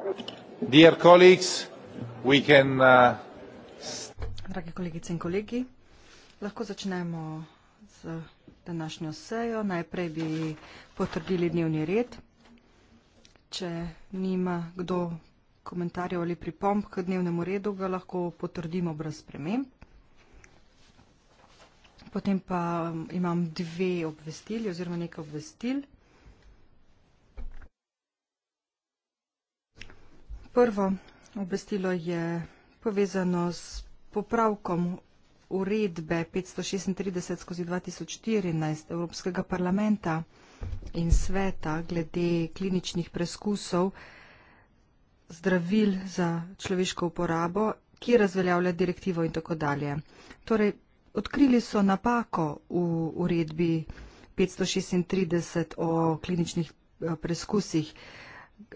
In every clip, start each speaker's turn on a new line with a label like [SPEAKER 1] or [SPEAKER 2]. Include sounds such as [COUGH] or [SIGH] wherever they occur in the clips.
[SPEAKER 1] Uh,
[SPEAKER 2] Drage kolegice in kolegi, lahko začnemo z današnjo sejo. Najprej bi potrdili dnevni red. Če nima kdo komentarjev ali pripomb k dnevnemu redu, ga lahko potrdimo brez sprememb. Potem pa um, imam dve obvestili oziroma nekaj obvestil. Prvo obvestilo je povezano s popravkom uredbe 536 skozi 2014 Evropskega parlamenta in sveta glede kliničnih preskusov zdravil za človeško uporabo, ki razveljavlja direktivo in tako dalje. Torej, odkrili so napako v uredbi 536 o kliničnih eh, preskusih.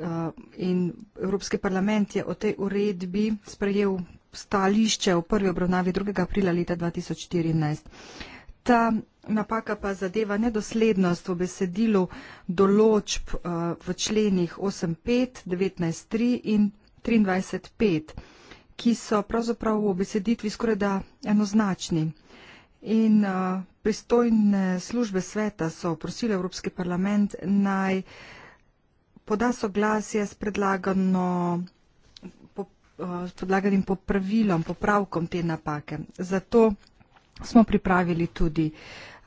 [SPEAKER 2] Eh, in Evropski parlament je o tej uredbi sprejel stališče v prvi obravnavi 2. aprila leta 2014. Ta napaka pa zadeva nedoslednost v besedilu določb eh, v členih 8.5, 19.3 in 23.5, ki so pravzaprav v beseditvi skoraj da enoznačni. In eh, pristojne službe sveta so prosile Evropski parlament naj poda soglasje s predlagano eh, s podlaganim popravilom, popravkom te napake. Zato smo pripravili tudi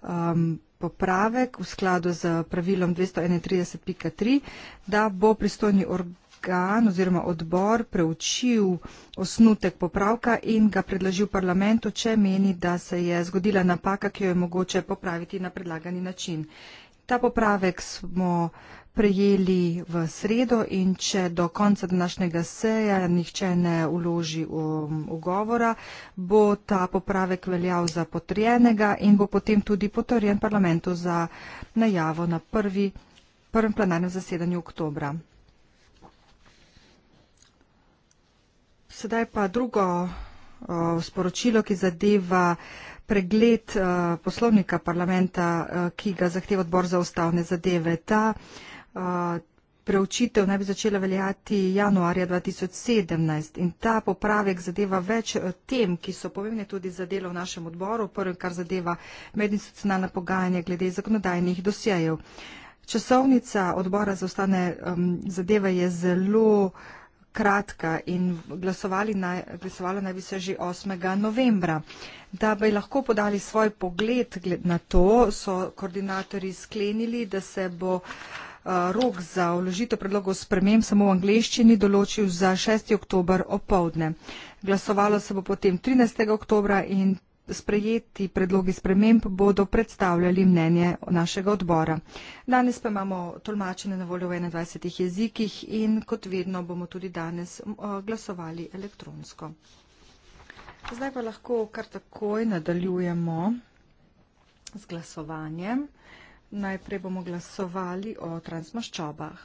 [SPEAKER 2] um, popravek v skladu z pravilom 231.3, da bo pristojni organ oziroma odbor preučil osnutek popravka in ga predložil parlamentu, če meni, da se je zgodila napaka, ki jo je mogoče popraviti na predlagani način. Ta popravek smo prejeli v sredo in če do konca današnjega seja nihče ne uloži um, ugovora, bo ta popravek veljal za potrjenega in bo potem tudi potrjen parlamentu za najavo na prvi, prvem plenarnem zasedanju oktobra. Sedaj pa drugo uh, sporočilo, ki zadeva pregled uh, poslovnika parlamenta, uh, ki ga zahteva odbor za ustavne zadeve. Ta preučitev naj bi začela veljati januarja 2017 in ta popravek zadeva več e, tem, ki so pomembne tudi za delo v našem odboru, prvem, kar zadeva medinstitucionalna pogajanja glede zakonodajnih dosjejev. Časovnica odbora za ostane um, zadeve je zelo kratka in naj, glasovala naj bi se že 8. novembra. Da bi lahko podali svoj pogled na to, so koordinatori sklenili, da se bo uh, Eh, rok za vložitev predlogov sprememb samo v angleščini določil za 6. oktober opovdne. Glasovalo se bo potem 13. oktober in sprejeti predlogi sprememb bodo predstavljali mnenje našega odbora. Danes pa imamo tolmačenje na voljo v 21 jezikih in kot vedno bomo tudi danes eh, glasovali elektronsko. Zdaj pa lahko kar takoj nadaljujemo z glasovanjem. Najprej bomo glasovali o transmaščobah.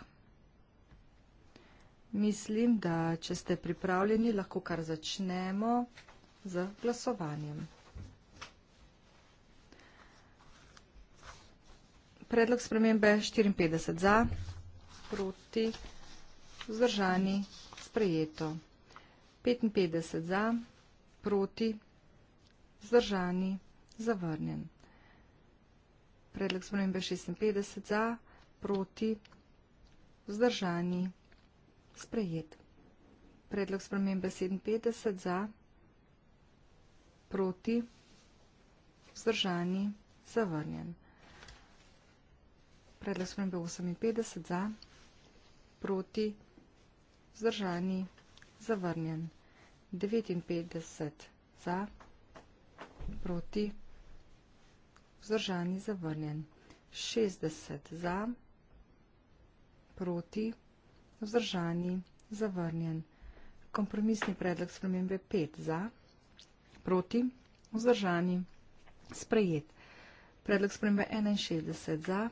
[SPEAKER 2] Mislim, da če ste pripravljeni, lahko kar začnemo z glasovanjem. Predlog spremembe 54 za, proti, vzdržani, sprejeto. 55 za, proti, vzdržani, zavrnjen. Predlog spremembe 56 za, proti, vzdržani, sprejet. Predlog spremembe 57 za, proti, vzdržani, zavrnjen. Predlog spremembe 58 za, proti, vzdržani, zavrnjen. 59 za, proti, vzdržani vzdržani zavrnjen. 60 za, proti, vzdržani zavrnjen. Kompromisni predlog spremembe 5 za, proti, vzdržani sprejet. Predlog spremembe 61 za,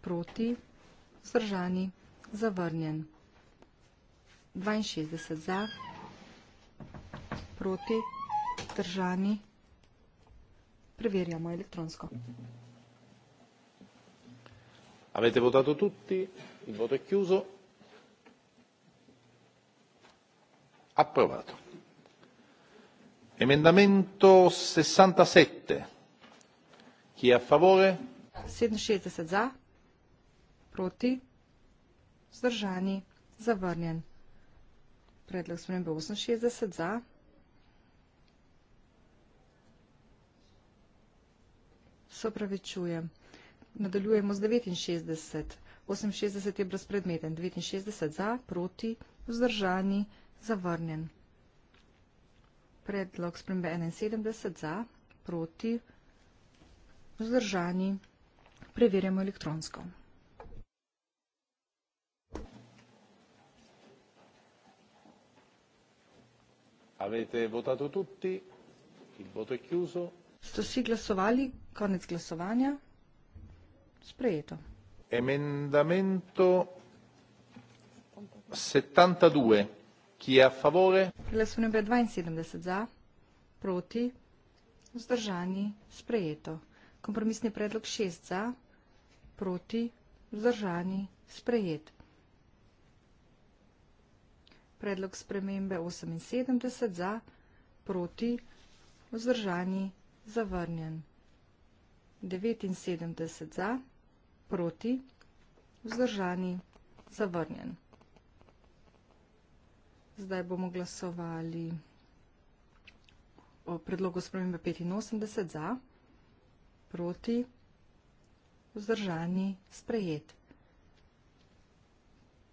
[SPEAKER 2] proti, vzdržani zavrnjen. 62 za, proti, vzdržani zavrnjen preverjamo elettronsko.
[SPEAKER 1] Avete votato tutti? Il voto è chiuso. Approvato. Emendamento 67. Chi è a favore?
[SPEAKER 2] 67 za. Proti. Zdržani. Zavrnjen. Predlog spremembe 68 za. Se opravičujem. Nadaljujemo z 69. 68 je brezpredmeten, 69 za, proti, vzdržani, zavrnjen. Predlog spremembe 71 za, proti, vzdržani, preverjamo elektronsko.
[SPEAKER 1] Avete votato tutti, il voto è
[SPEAKER 2] chiuso. Sto si glasovali, Konec glasovanja. Sprejeto.
[SPEAKER 1] Emendamento 72. Ki je a favore?
[SPEAKER 2] Glasovanje 72 za, proti, vzdržani, sprejeto. Kompromisni predlog 6 za, proti, vzdržani, sprejet. Predlog spremembe 78 za, proti, vzdržani, zavrnjen. 79 za, proti, vzdržani, zavrnjen. Zdaj bomo glasovali o predlogu spremembe 85 za, proti, vzdržani, sprejet.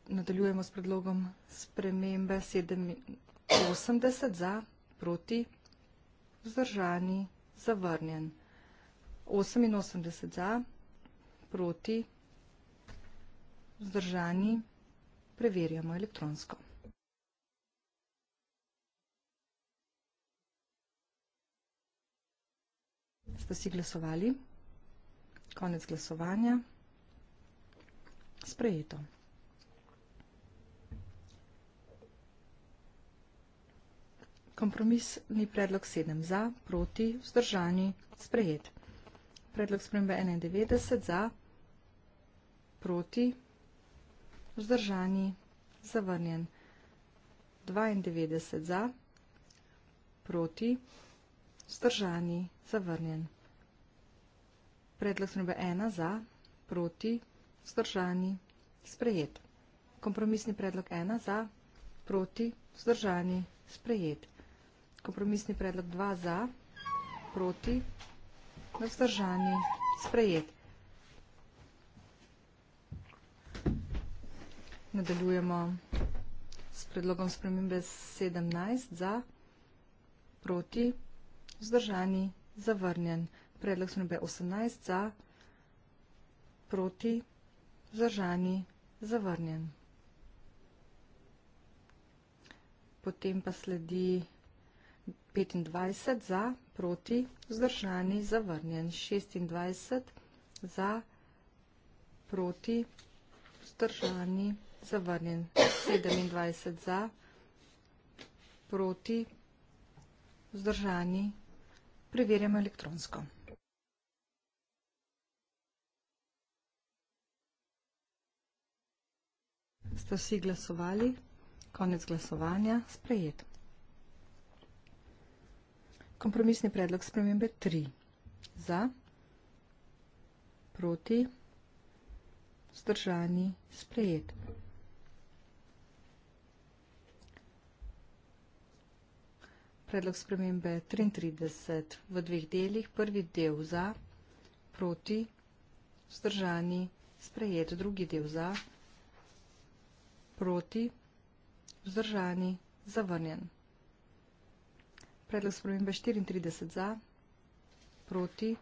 [SPEAKER 2] Nadaljujemo s predlogom spremembe 87 za, proti, vzdržani, zavrnjen. 88 za, proti, vzdržani, preverjamo elektronsko. Ste si glasovali? Konec glasovanja. Sprejeto. Kompromis ni predlog 7 za, proti, vzdržani, sprejeto predlog spremembe 91 za, proti, vzdržani, zavrnjen. 92 za, proti, vzdržani, zavrnjen. Predlog spremembe 1 za, proti, vzdržani, sprejet. Kompromisni predlog 1 za, proti, vzdržani, sprejet. Kompromisni predlog 2 za, proti, vzdržani, sprejet na vzdržanje. Sprejet. Nadaljujemo s predlogom spremembe 17 za, proti, vzdržani, zavrnjen. Predlog spremembe 18 za, proti, vzdržani, zavrnjen. Potem pa sledi 25 za, proti, vzdržani, zavrnjen, 26, za, proti, vzdržani, zavrnjen, 27, za, proti, vzdržani, preverjamo elektronsko. Ste vsi glasovali? Konec glasovanja, sprejeto kompromisni predlog spremembe 3. Za, proti, zdržani, sprejet. Predlog spremembe 33 v dveh delih. Prvi del za, proti, zdržani, sprejet. Drugi del za, proti, zdržani, zavrnjen. Predlog spremembe 34 za, proti,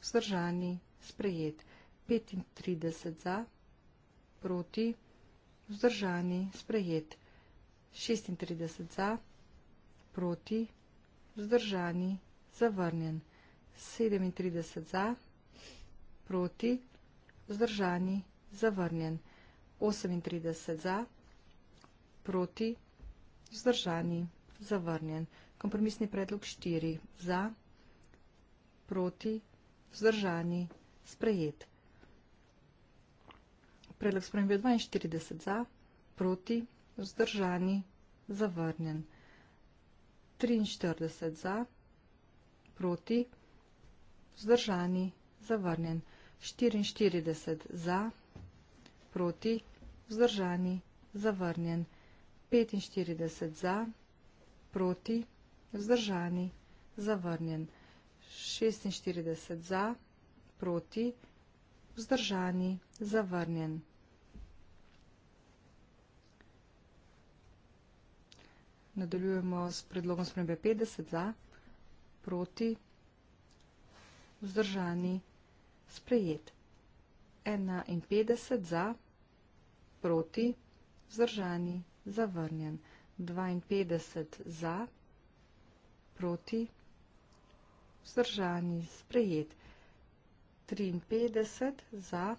[SPEAKER 2] vzdržani, sprejet. 35 za, proti, vzdržani, sprejet. 36 za, proti, vzdržani, zavrnjen. 37 za, proti, vzdržani, zavrnjen. 38 za, proti, vzdržani, zavrnjen. Kompromisni predlog 4. Za, proti, vzdržani, sprejet. Predlog spremembe 42. Za, proti, vzdržani, zavrnjen. 43. Za, proti, vzdržani, zavrnjen. 44. Za, proti, vzdržani, zavrnjen. 45. Za, proti, vzdržani, zavrnjen vzdržani, zavrnjen, 46 za, proti, vzdržani, zavrnjen. Nadaljujemo s predlogom spremembe 50 za, proti, vzdržani, sprejet. 51 za, proti, vzdržani, zavrnjen. 52 za, proti, vzdržani, zavrnjen proti, vzdržani, sprejet. 53 za,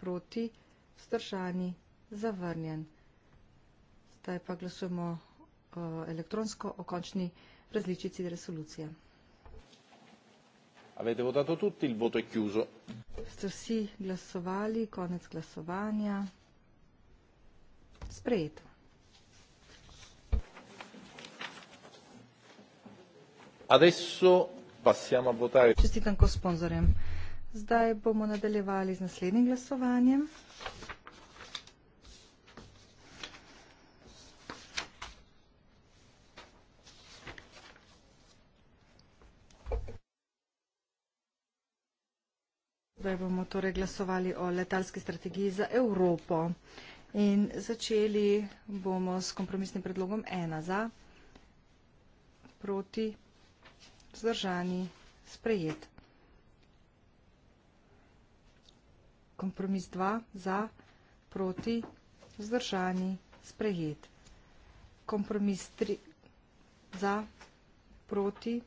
[SPEAKER 2] proti, vzdržani, zavrnjen. Zdaj pa glasujemo eh, elektronsko o končni različici resolucije.
[SPEAKER 1] Avete votato tutti, il voto è chiuso.
[SPEAKER 2] Ste vsi glasovali, konec glasovanja. Sprejeto.
[SPEAKER 1] Adesso passiamo a votare. Čestitam
[SPEAKER 2] ko sponzorjem. Zdaj bomo nadaljevali z naslednjim glasovanjem. Zdaj bomo torej glasovali o letalski strategiji za Evropo. In začeli bomo s kompromisnim predlogom 1 za, proti 5 vzdržani, sprejet. Kompromis 2, za, proti, vzdržani, sprejet. Kompromis 3, za, proti,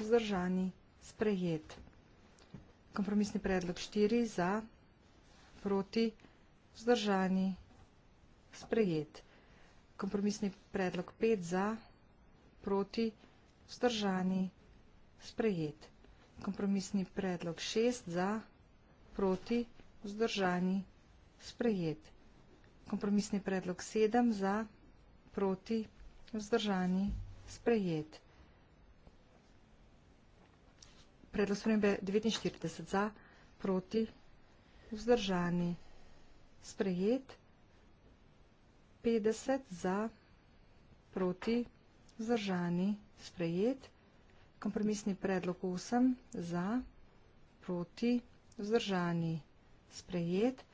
[SPEAKER 2] vzdržani, sprejet. Kompromisni predlog 4, za, proti, vzdržani, sprejet. Kompromisni predlog 5, za, proti, vzdržani, sprejet sprejet. Kompromisni predlog 6 za, proti, vzdržani, sprejet. Kompromisni predlog 7 za, proti, vzdržani, sprejet. Predlog spremembe 49 za, proti, vzdržani, sprejet. 50 za, proti, vzdržani, sprejet kompromisni predlog 8 za, proti, vzdržani, sprejet.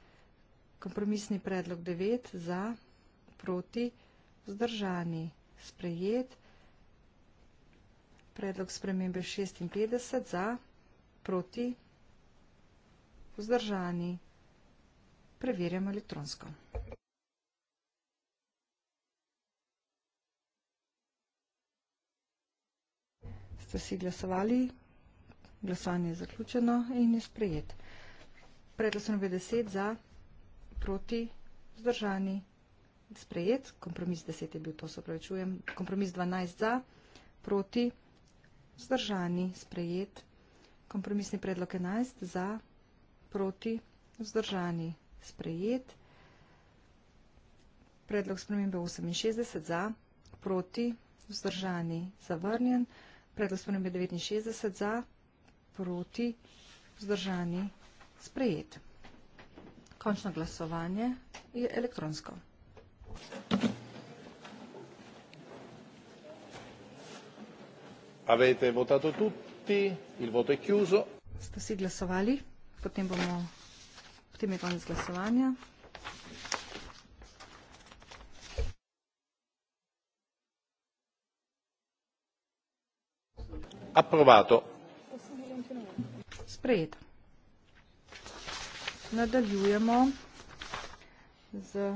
[SPEAKER 2] Kompromisni predlog 9 za, proti, vzdržani, sprejet. Predlog spremembe 56 za, proti, vzdržani. Preverjamo elektronsko. ste si glasovali, glasovanje je zaključeno in je sprejet. Predlog sem 90 za, proti, zdržani, sprejet, kompromis 10 je bil, to se pravičujem, kompromis 12 za, proti, zdržani, sprejet, kompromisni predlog 11 za, proti, zdržani, sprejet, predlog spremembe 68 za, proti, vzdržani, zavrnjen. Predlog sprememb je 69 za, proti, vzdržani, sprejet. Končno glasovanje je elektronsko.
[SPEAKER 1] Avete votato
[SPEAKER 2] tutti,
[SPEAKER 1] il voto è chiuso.
[SPEAKER 2] Ste vsi glasovali, potem, bomo, potem je konec glasovanja.
[SPEAKER 1] approvato.
[SPEAKER 2] Sprejeto. Nadaljujemo z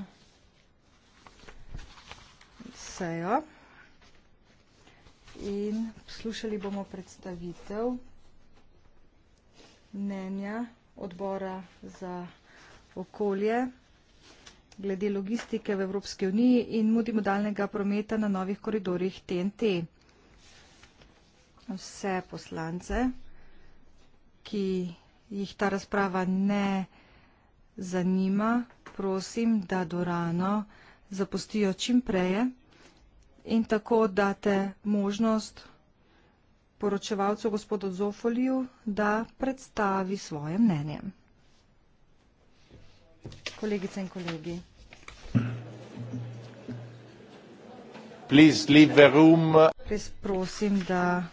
[SPEAKER 2] sejo in slušali bomo predstavitev mnenja odbora za okolje glede logistike v Evropske uniji in multimodalnega prometa na novih koridorjih TNT vse poslance, ki jih ta razprava ne zanima, prosim, da dorano zapustijo čim preje in tako date možnost poročevalcu gospodu Zofoliju, da predstavi svoje mnenje. Kolegice in kolegi. Prosim, da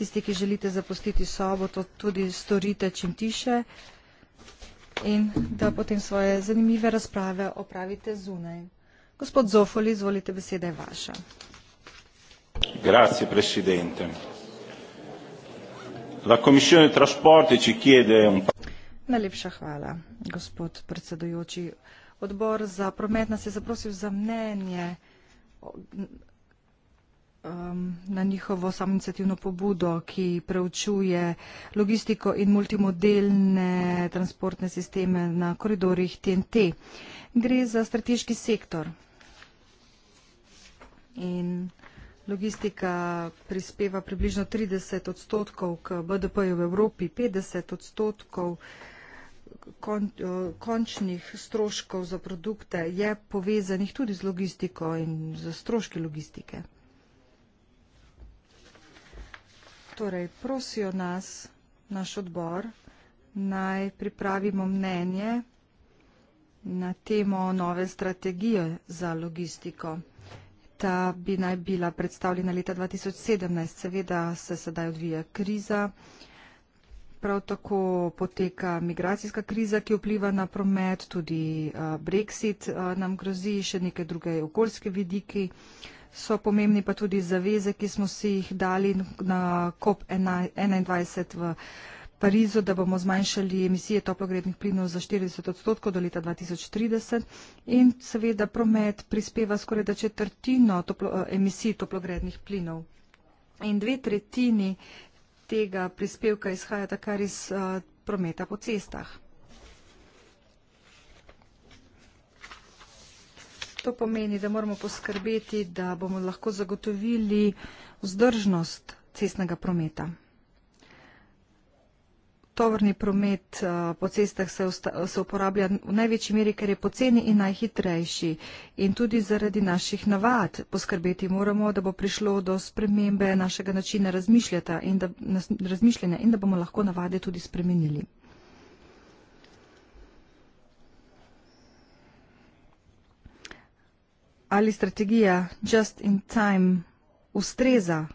[SPEAKER 2] Tisti, ki želite zapustiti sobo, to tudi storite čim tiše in da potem svoje zanimive razprave opravite zunaj. Gospod Zofoli, izvolite, beseda je vaša.
[SPEAKER 1] Grazie, presidente. La komisijone trasporti ci chiede...
[SPEAKER 2] Najlepša hvala, gospod predsedujoči. Odbor za promet nas je zaprosil za mnenje um, na njihovo samoinicijativno pobudo, ki preučuje logistiko in multimodelne transportne sisteme na koridorjih TNT. Gre za strateški sektor in logistika prispeva približno 30 odstotkov k BDP-ju v Evropi, 50 odstotkov kon, končnih stroškov za produkte je povezanih tudi z logistiko in z stroški logistike. Torej, prosijo nas, naš odbor, naj pripravimo mnenje na temo nove strategije za logistiko. Ta bi naj bila predstavljena leta 2017. Seveda se sedaj odvija kriza. Prav tako poteka migracijska kriza, ki vpliva na promet, tudi Brexit nam grozi, še neke druge okoljske vidiki so pomembni pa tudi zaveze, ki smo si jih dali na COP21 v Parizu, da bomo zmanjšali emisije toplogrednih plinov za 40 odstotkov do leta 2030 in seveda promet prispeva skoraj da četrtino toplo, eh, emisij toplogrednih plinov. In dve tretjini tega prispevka izhajata kar iz uh, prometa po cestah. To pomeni, da moramo poskrbeti, da bomo lahko zagotovili vzdržnost cestnega prometa. Tovrni promet eh, po cestah se, se uporablja v največji meri, ker je poceni in najhitrejši. In tudi zaradi naših navad poskrbeti moramo, da bo prišlo do spremembe našega načina razmišljanja in, in da bomo lahko navade tudi spremenili. ali strategija just in time ustreza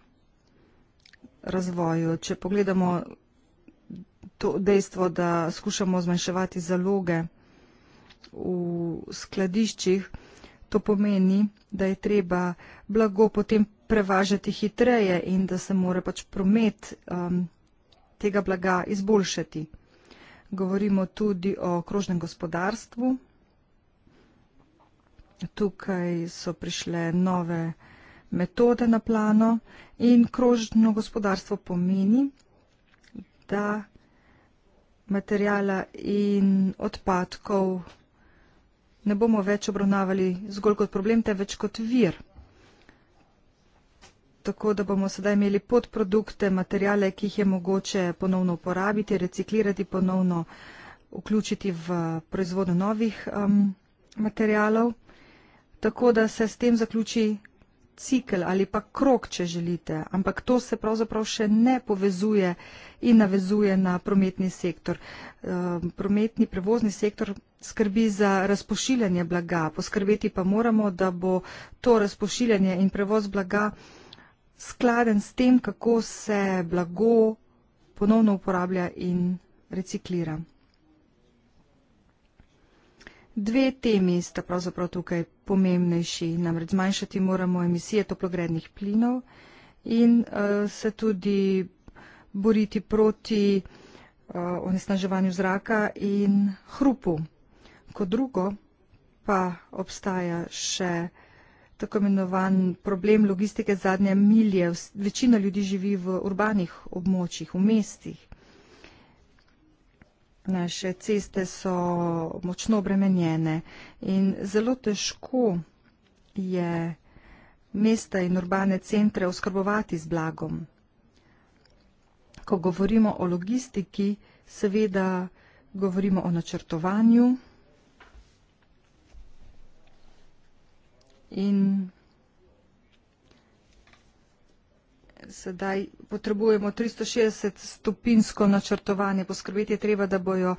[SPEAKER 2] razvoju, če pogledamo to dejstvo, da skušamo zmanjševati zaloge v skladiščih, to pomeni, da je treba blago potem prevažati hitreje in da se mora pač promet um, tega blaga izboljšati. Govorimo tudi o krožnem gospodarstvu tukaj so prišle nove metode na plano in krožno gospodarstvo pomeni, da materijala in odpadkov ne bomo več obravnavali zgolj kot problem, temveč kot vir. Tako da bomo sedaj imeli podprodukte, materijale, ki jih je mogoče ponovno uporabiti, reciklirati, ponovno vključiti v proizvodno novih um, materijalov tako da se s tem zaključi cikl ali pa krok, če želite, ampak to se pravzaprav še ne povezuje in navezuje na prometni sektor. Ehm, prometni prevozni sektor skrbi za razpošiljanje blaga, poskrbeti pa moramo, da bo to razpošiljanje in prevoz blaga skladen s tem, kako se blago ponovno uporablja in reciklira. Dve temi sta pravzaprav tukaj pomembnejši, namreč zmanjšati moramo emisije toplogrednih plinov in uh, se tudi boriti proti uh, onesnaževanju zraka in hrupu. Kot drugo pa obstaja še tako imenovan problem logistike zadnje milje. Večina ljudi živi v urbanih območjih, v mestih naše ceste so močno obremenjene in zelo težko je mesta in urbane centre oskrbovati z blagom. Ko govorimo o logistiki, seveda govorimo o načrtovanju in sedaj potrebujemo 360 stopinsko načrtovanje. Poskrbeti je treba, da bojo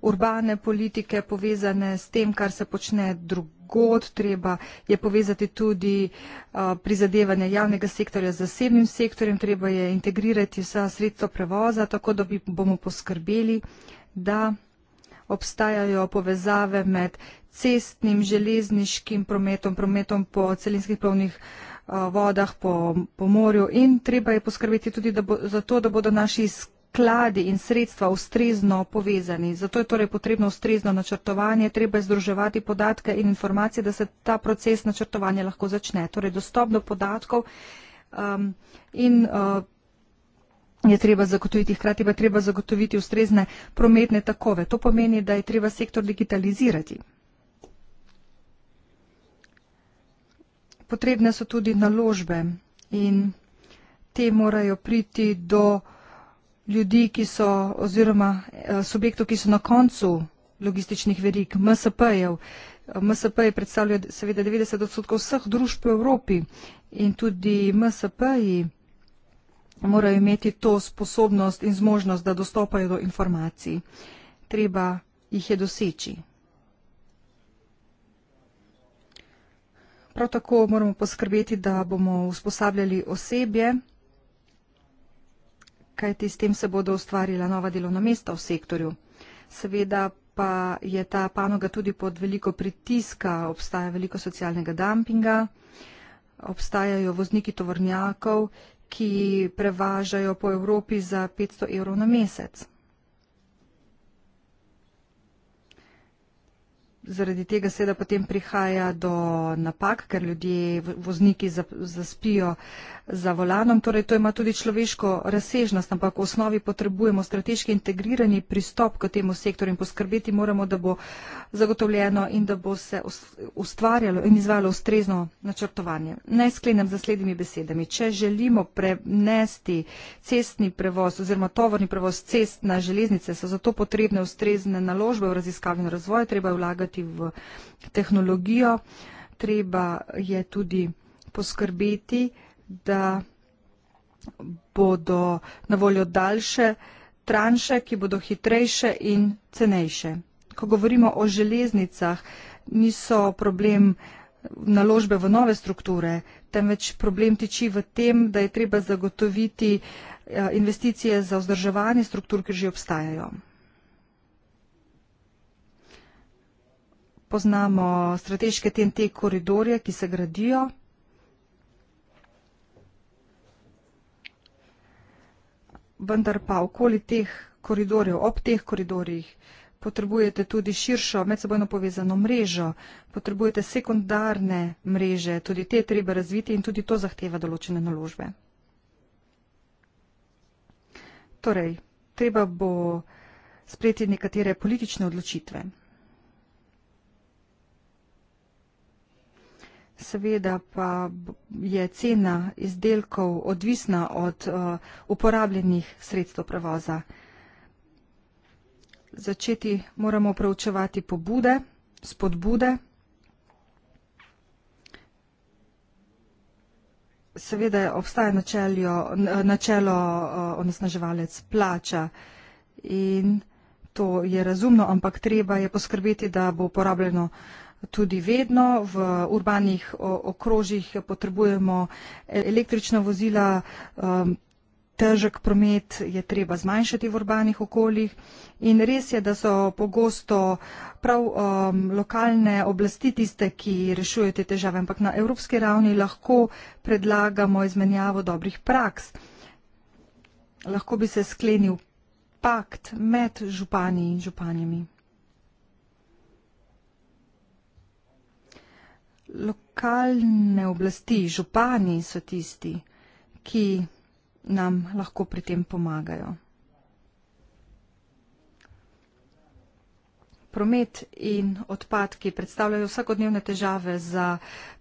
[SPEAKER 2] urbane politike povezane s tem, kar se počne drugod. Treba je povezati tudi uh, prizadevanje javnega sektorja z zasebnim sektorjem. Treba je integrirati vsa sredstva prevoza, tako da bi bomo poskrbeli, da obstajajo povezave med cestnim, železniškim prometom, prometom po celinskih plovnih uh, Eh, vodah, po, po morju in treba je poskrbeti tudi bo, za to, da bodo naši skladi in sredstva ustrezno povezani. Zato je torej potrebno ustrezno načrtovanje, treba je združevati podatke in informacije, da se ta proces načrtovanja lahko začne. Torej dostop do podatkov um, in. Uh, Je treba zagotoviti, hkrati pa je treba zagotoviti ustrezne prometne takove. To pomeni, da je treba sektor digitalizirati. potrebne so tudi naložbe in te morajo priti do ljudi, ki so oziroma eh, subjektov, ki so na koncu logističnih verik, MSP-jev. MSP je predstavljajo seveda 90 odstotkov vseh družb v Evropi in tudi MSP-ji morajo imeti to sposobnost in zmožnost, da dostopajo do informacij. Treba jih je doseči. Prav tako moramo poskrbeti, da bomo usposabljali osebje, kajti s tem se bodo ustvarila nova delovna mesta v sektorju. Seveda pa je ta panoga tudi pod veliko pritiska, obstaja veliko socialnega dampinga, obstajajo vozniki tovornjakov, ki prevažajo po Evropi za 500 evrov na mesec. zaradi tega seveda potem prihaja do napak, ker ljudje, vozniki zaspijo za volanom. Torej, to ima tudi človeško razsežnost, ampak v osnovi potrebujemo strateški integrirani pristop k temu sektorju in poskrbeti moramo, da bo zagotovljeno in da bo se ustvarjalo in izvalo ustrezno načrtovanje. Naj sklenem z naslednjimi besedami. Če želimo prenesti cestni prevoz oziroma tovorni prevoz cest na železnice, so zato potrebne ustrezne naložbe v raziskavi in razvoj, treba je vlagati vlagati v tehnologijo. Treba je tudi poskrbeti, da bodo na voljo daljše tranše, ki bodo hitrejše in cenejše. Ko govorimo o železnicah, niso problem naložbe v nove strukture, temveč problem tiči v tem, da je treba zagotoviti eh, investicije za vzdrževanje struktur, ki že obstajajo. poznamo strateške TNT koridorje, ki se gradijo. Vendar pa okoli teh koridorjev, ob teh koridorjih, potrebujete tudi širšo medsebojno povezano mrežo, potrebujete sekundarne mreže, tudi te treba razviti in tudi to zahteva določene naložbe. Torej, treba bo sprejeti nekatere politične odločitve. seveda pa je cena izdelkov odvisna od eh, uporabljenih sredstev prevoza. Začeti moramo preučevati pobude, spodbude. Seveda obstaja načeljo, eh, načelo eh, onesnaževalec plača in to je razumno, ampak treba je poskrbeti, da bo uporabljeno uh, tudi vedno. V urbanih okrožjih potrebujemo električna vozila, um, težek promet je treba zmanjšati v urbanih okoljih. In res je, da so pogosto prav um, lokalne oblasti tiste, ki rešujejo te težave, ampak na evropski ravni lahko predlagamo izmenjavo dobrih praks. Lahko bi se sklenil pakt med župani in županjami. lokalne oblasti, župani so tisti, ki nam lahko pri tem pomagajo. Promet in odpadki predstavljajo vsakodnevne težave za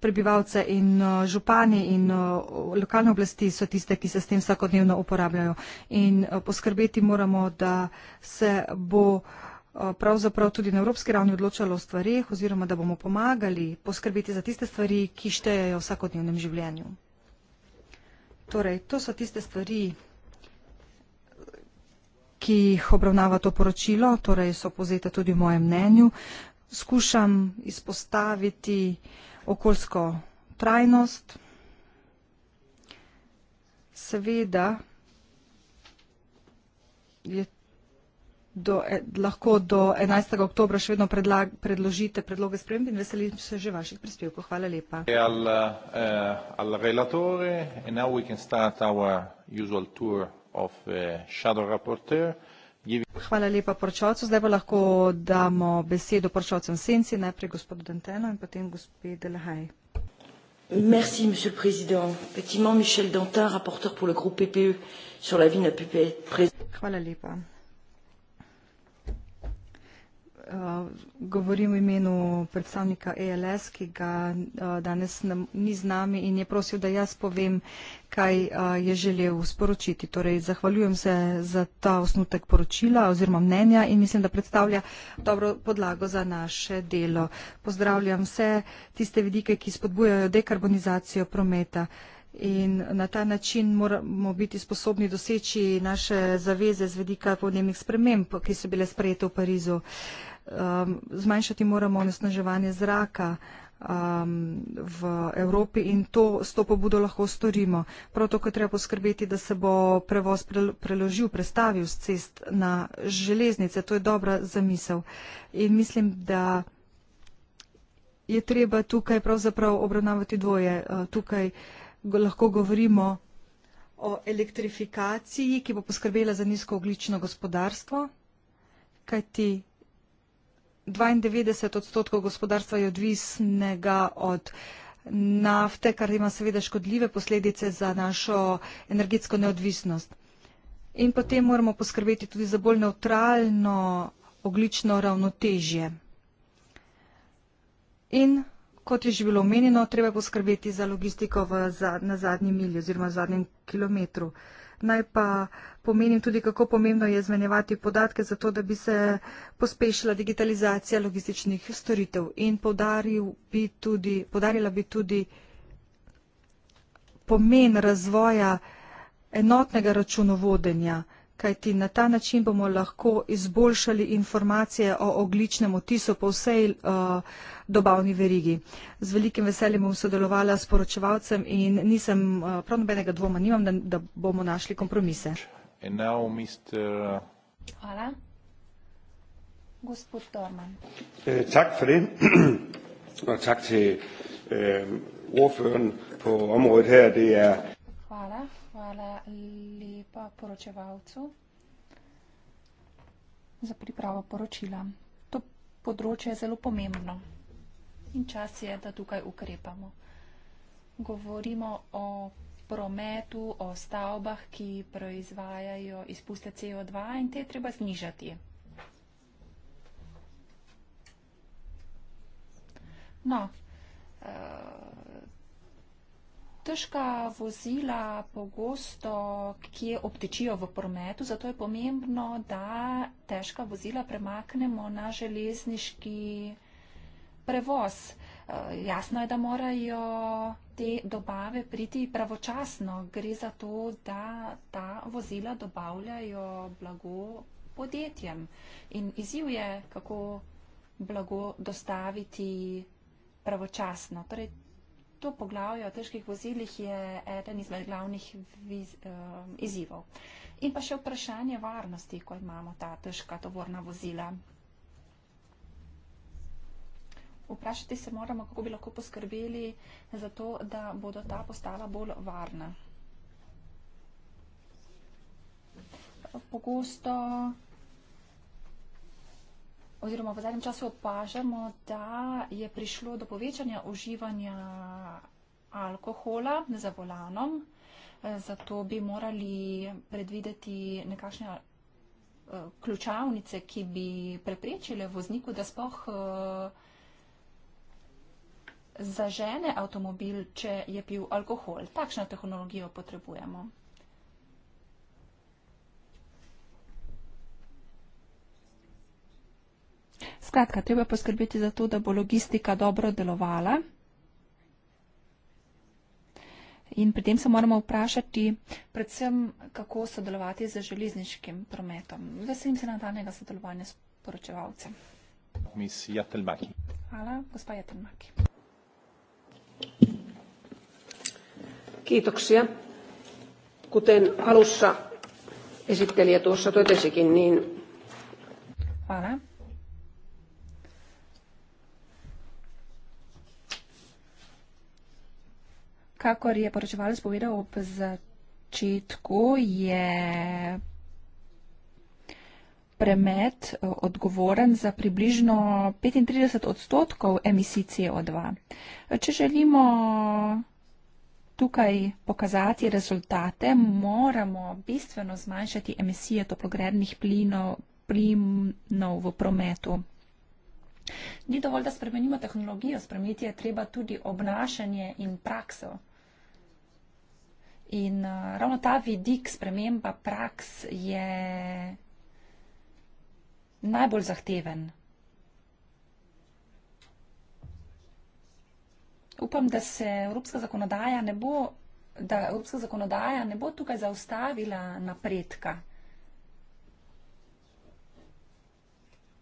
[SPEAKER 2] prebivalce in uh, župani in uh, lokalne oblasti so tiste, ki se s tem vsakodnevno uporabljajo. In uh, poskrbeti moramo, da se bo uh, Eh, pravzaprav tudi na evropski ravni odločalo o stvarih oziroma da bomo pomagali poskrbeti za tiste stvari, ki štejejo v vsakodnevnem življenju. Torej, to so tiste stvari, ki jih obravnava to poročilo, torej so povzete tudi v mojem mnenju. Skušam izpostaviti okoljsko trajnost, seveda je to, do, e, lahko do 11. oktobra še vedno predlag, predložite predloge sprememb in veselim se že vaših prispevkov. Hvala lepa. E al,
[SPEAKER 1] uh, al relatore,
[SPEAKER 2] Hvala lepa poročalcu. Zdaj pa lahko damo besedo poročalcem Senci, najprej gospodu Danteno in potem gospe Delahaj. Merci, monsieur le président. Effectivement, Michel Dantin, rapporteur pour le groupe PPE sur la vie n'a pu être présent. Eh, govorim v imenu predstavnika ELS, ki ga eh, danes ni z nami in je prosil, da jaz povem, kaj eh, je želel sporočiti. Torej, zahvaljujem se za ta osnutek poročila oziroma mnenja in mislim, da predstavlja dobro podlago za naše delo. Pozdravljam vse tiste vidike, ki spodbujajo dekarbonizacijo prometa. In na ta način moramo biti sposobni doseči naše zaveze z vedika podnebnih sprememb, ki so bile sprejete v Parizu. Uh, um, zmanjšati moramo onesnaževanje zraka um, v Evropi in to s to pobudo lahko storimo. Prav tako je treba poskrbeti, da se bo prevoz preložil, prestavil z cest na železnice. To je dobra zamisel. In mislim, da je treba tukaj pravzaprav obravnavati dvoje. Uh, tukaj lahko govorimo o elektrifikaciji, ki bo poskrbela za nizkooglično gospodarstvo, kajti 92 odstotkov gospodarstva je odvisnega od nafte, kar ima seveda škodljive posledice za našo energetsko neodvisnost. In potem moramo poskrbeti tudi za bolj neutralno oglično ravnotežje. In kot je že bilo omenjeno, treba poskrbeti za logistiko v, za, na zadnji milji oziroma v zadnjem kilometru. Uh, naj pa pomenim tudi, kako pomembno je zmenjevati podatke za to, da bi se pospešila digitalizacija logističnih storitev. In bi tudi, podarila bi tudi pomen razvoja enotnega računovodenja kajti na ta način bomo lahko izboljšali informacije o ogličnem otisu po vsej uh, dobavni verigi. Z velikim veseljem bom sodelovala s poročevalcem in nisem uh, prav nobenega dvoma, nimam, da, da bomo našli kompromise.
[SPEAKER 1] Now, Mr... Eh, Hvala.
[SPEAKER 3] Gospod Dorman.
[SPEAKER 1] Eh, tak
[SPEAKER 4] for det. [CLEARS THROAT] Og tak til eh, ordføren på området her. Det er
[SPEAKER 3] Hvala. Hvala lepa poročevalcu za pripravo poročila. To področje je zelo pomembno in čas je, da tukaj ukrepamo. Govorimo o prometu, o stavbah, ki proizvajajo izpuste CO2 in te treba znižati. No, eh, Težka vozila pogosto kje obtečijo v prometu, zato je pomembno, da težka vozila premaknemo na železniški prevoz. Eh, jasno je, da morajo te dobave priti pravočasno. Gre za to, da ta vozila dobavljajo blago podjetjem. In izjiv je, kako blago dostaviti pravočasno. Torej, to poglavje o težkih vozilih je eden izmed glavnih viz, uh, izzivov. In pa še vprašanje varnosti, ko imamo ta težka tovorna vozila. Vprašati se moramo, kako bi lahko poskrbeli za to, da bodo ta postala bolj varna. Pogosto oziroma v zadnjem času opažamo, da je prišlo do povečanja uživanja alkohola za volanom. Zato bi morali predvideti nekakšne eh, ključavnice, ki bi preprečile vozniku, da spoh eh, zažene avtomobil, če je pil alkohol. Takšno tehnologijo potrebujemo. Skratka, treba poskrbeti za to, da bo logistika dobro delovala. In pri tem se moramo vprašati predvsem, kako sodelovati z železniškim prometom. Veselim se nadaljnega sodelovanja s poročevalcem. Hvala, gospa Jatelmaki. Kiitoksia. Kuten alussa esittelijä tuossa totesikin, niin Hvala. Kakor je poročevalec povedal ob začetku, je premet eh, odgovoren za približno 35 odstotkov emisij CO2. Če želimo tukaj pokazati rezultate, moramo bistveno zmanjšati emisije toplogrednih plinov, plinov v prometu. Ni dovolj, da spremenimo tehnologijo, spremeniti je treba tudi obnašanje in prakso. In uh, ravno ta vidik sprememba praks je najbolj zahteven. Upam, da se evropska zakonodaja ne bo, da evropska zakonodaja ne bo tukaj zaustavila napredka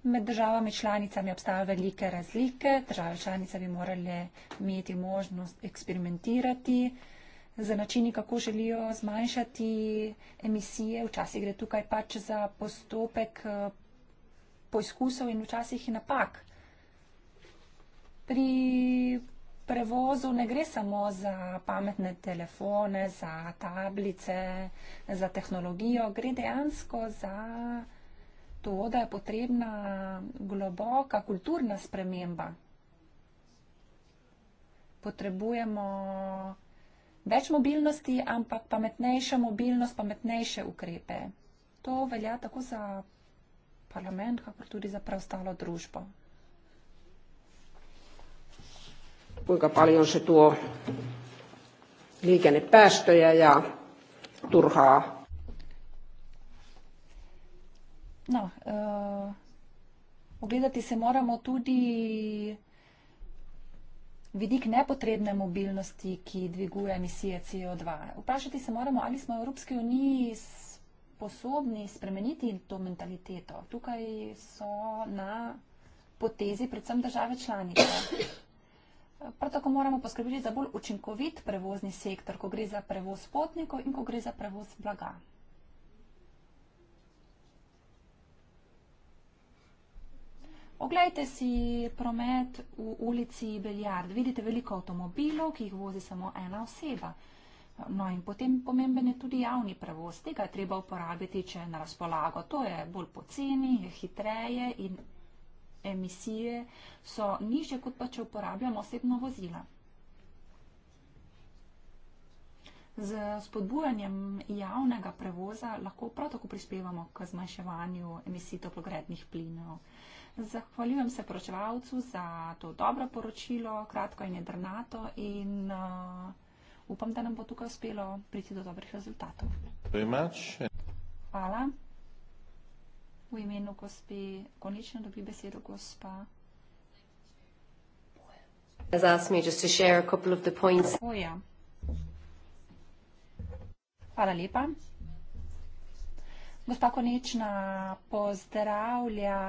[SPEAKER 3] med državami članicami obstajajo velike razlike, države članice bi morale imeti možnost eksperimentirati. Uh, z načini, kako želijo zmanjšati emisije. Včasih gre tukaj pač za postopek eh, poizkusov in včasih napak. Pri prevozu ne gre samo za pametne telefone, za tablice, za tehnologijo, gre dejansko za to, da je potrebna globoka kulturna sprememba. Potrebujemo več mobilnosti, ampak pametnejša mobilnost, pametnejše ukrepe. To velja tako za parlament, kakor tudi za preostalo družbo.
[SPEAKER 4] Kuinka paljon se tuo liikennepäästöjä ja turhaa?
[SPEAKER 3] No, uh, se moramo tudi vidik nepotrebne mobilnosti, ki dviguje emisije CO2. Vprašati se moramo, ali smo v Evropski uniji sposobni spremeniti to mentaliteto. Tukaj so na potezi predvsem države članice. Prav tako moramo poskrbeti za bolj učinkovit prevozni sektor, ko gre za prevoz potnikov in ko gre za prevoz blaga. Oglejte si promet v ulici Beljard. Vidite veliko avtomobilov, ki jih vozi samo ena oseba. No in potem pomemben je tudi javni prevoz. Tega je treba uporabiti, če je na razpolago. To je bolj poceni, je hitreje in emisije so nižje, kot pa če uporabljamo osebno vozila. Z spodbujanjem javnega prevoza lahko prav tako prispevamo k zmanjševanju emisij toplogrednih plinov. Zahvaljujem se poročevalcu za to dobro poročilo, kratko in jedrnato in uh, upam, da nam bo tukaj uspelo priti do dobrih rezultatov. Hvala. V imenu gospe konično dobi besedo gospa.
[SPEAKER 4] Has asked me just to share a couple of the points.
[SPEAKER 3] Oh, yeah. Hvala lepa. Gospa Konečna pozdravlja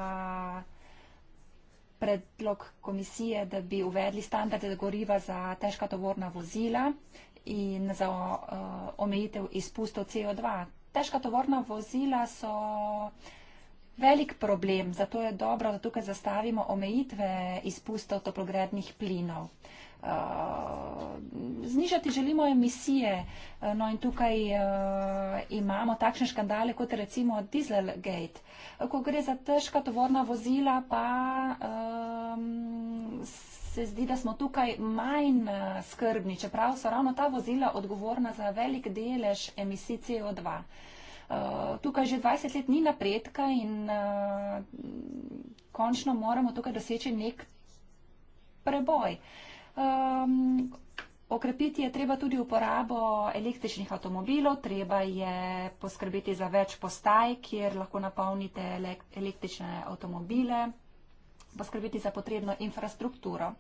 [SPEAKER 3] predlog komisije, da bi uvedli standarde goriva za težka tovorna vozila in za eh, omejitev izpustov CO2. Težka tovorna vozila so velik problem, zato je dobro, da tukaj zastavimo omejitve izpustov toplogrednih plinov. Eh, znižati želimo emisije. Eh, no in tukaj uh, imamo takšne škandale kot recimo Dieselgate. Ko gre za težka tovorna vozila, pa um, se zdi, da smo tukaj manj skrbni, čeprav so ravno ta vozila odgovorna za velik delež emisij CO2. Uh, tukaj že 20 let ni napredka in uh, končno moramo tukaj doseči nek preboj. Uh, Um, okrepiti je treba tudi uporabo električnih avtomobilov, treba je poskrbeti za več postaj, kjer lahko napolnite električne avtomobile poskrbeti za potrebno infrastrukturo.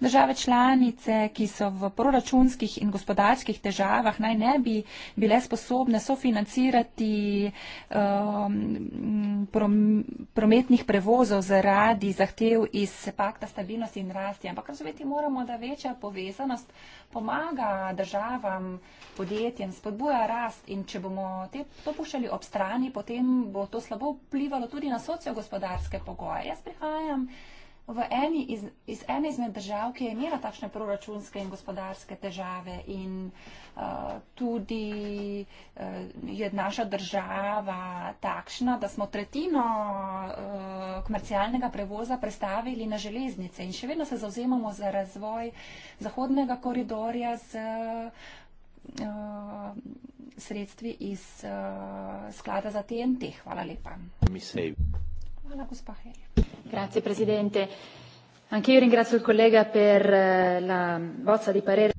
[SPEAKER 3] Države članice, ki so v proračunskih in gospodarskih težavah, naj ne bi bile sposobne sofinancirati um, prom, prometnih prevozov zaradi zahtev iz pakta stabilnosti in rasti. Ampak razumeti moramo, da večja povezanost pomaga državam, podjetjem, spodbuja rast in če bomo te, to puščali ob strani, potem bo to slabo vplivalo tudi na sociogospodarske pogoje. Jaz prihajam v eni iz, iz ene izmed držav, ki je imela takšne proračunske in gospodarske težave in uh, tudi uh, je naša država takšna, da smo tretjino uh, komercialnega prevoza prestavili na železnice in še vedno se zauzemamo za razvoj zahodnega koridorja z. Uh, sredstvi iz uh, sklada za TNT. Hvala lepa. Hvala, gospa Helja. Grazie, presidente. Anche io ringrazio il collega per eh, la bozza di parere.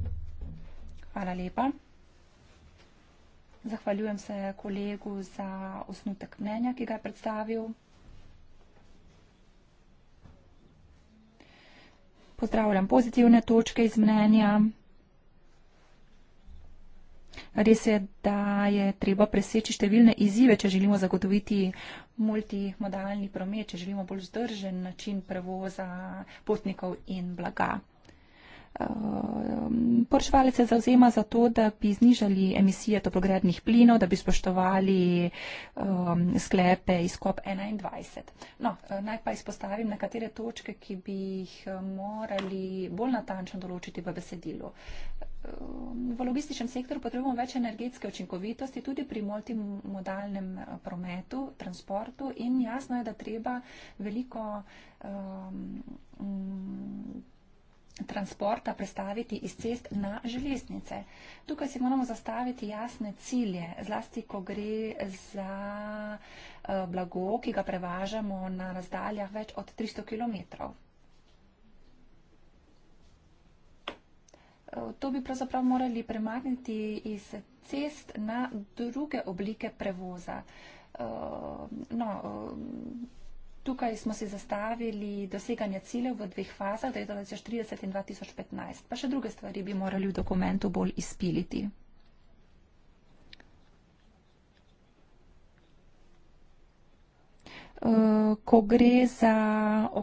[SPEAKER 3] Hvala lepa. Zahvaljujem se kolegu za osnutek mnenja, ki ga je predstavil. Pozdravljam pozitivne točke iz mnenja. Res je, da je treba preseči številne izzive, če želimo zagotoviti multimodalni promet, če želimo bolj vzdržen način prevoza potnikov in blaga. Ehm, poročevalec se zauzema za to, da bi znižali emisije toplogrednih plinov, da bi spoštovali um, sklepe iz COP21. No, e, naj pa izpostavim nekatere točke, ki bi jih e, morali bolj natančno določiti v besedilu. Ehm, v logističnem sektoru potrebujemo več energetske učinkovitosti tudi pri multimodalnem e, prometu, transportu in jasno je, da treba veliko. Um, transporta prestaviti iz cest na železnice. Tukaj si moramo zastaviti jasne cilje, zlasti, ko gre za eh, blago, ki ga prevažamo na razdaljah več od 300 km. Eh, to bi pravzaprav morali premagniti iz cest na druge oblike prevoza. Eh, no, Tukaj smo si zastavili doseganje ciljev v dveh fazah, 2030 in 2015. Pa še druge stvari bi morali v dokumentu bolj izpiliti. Eh, ko gre za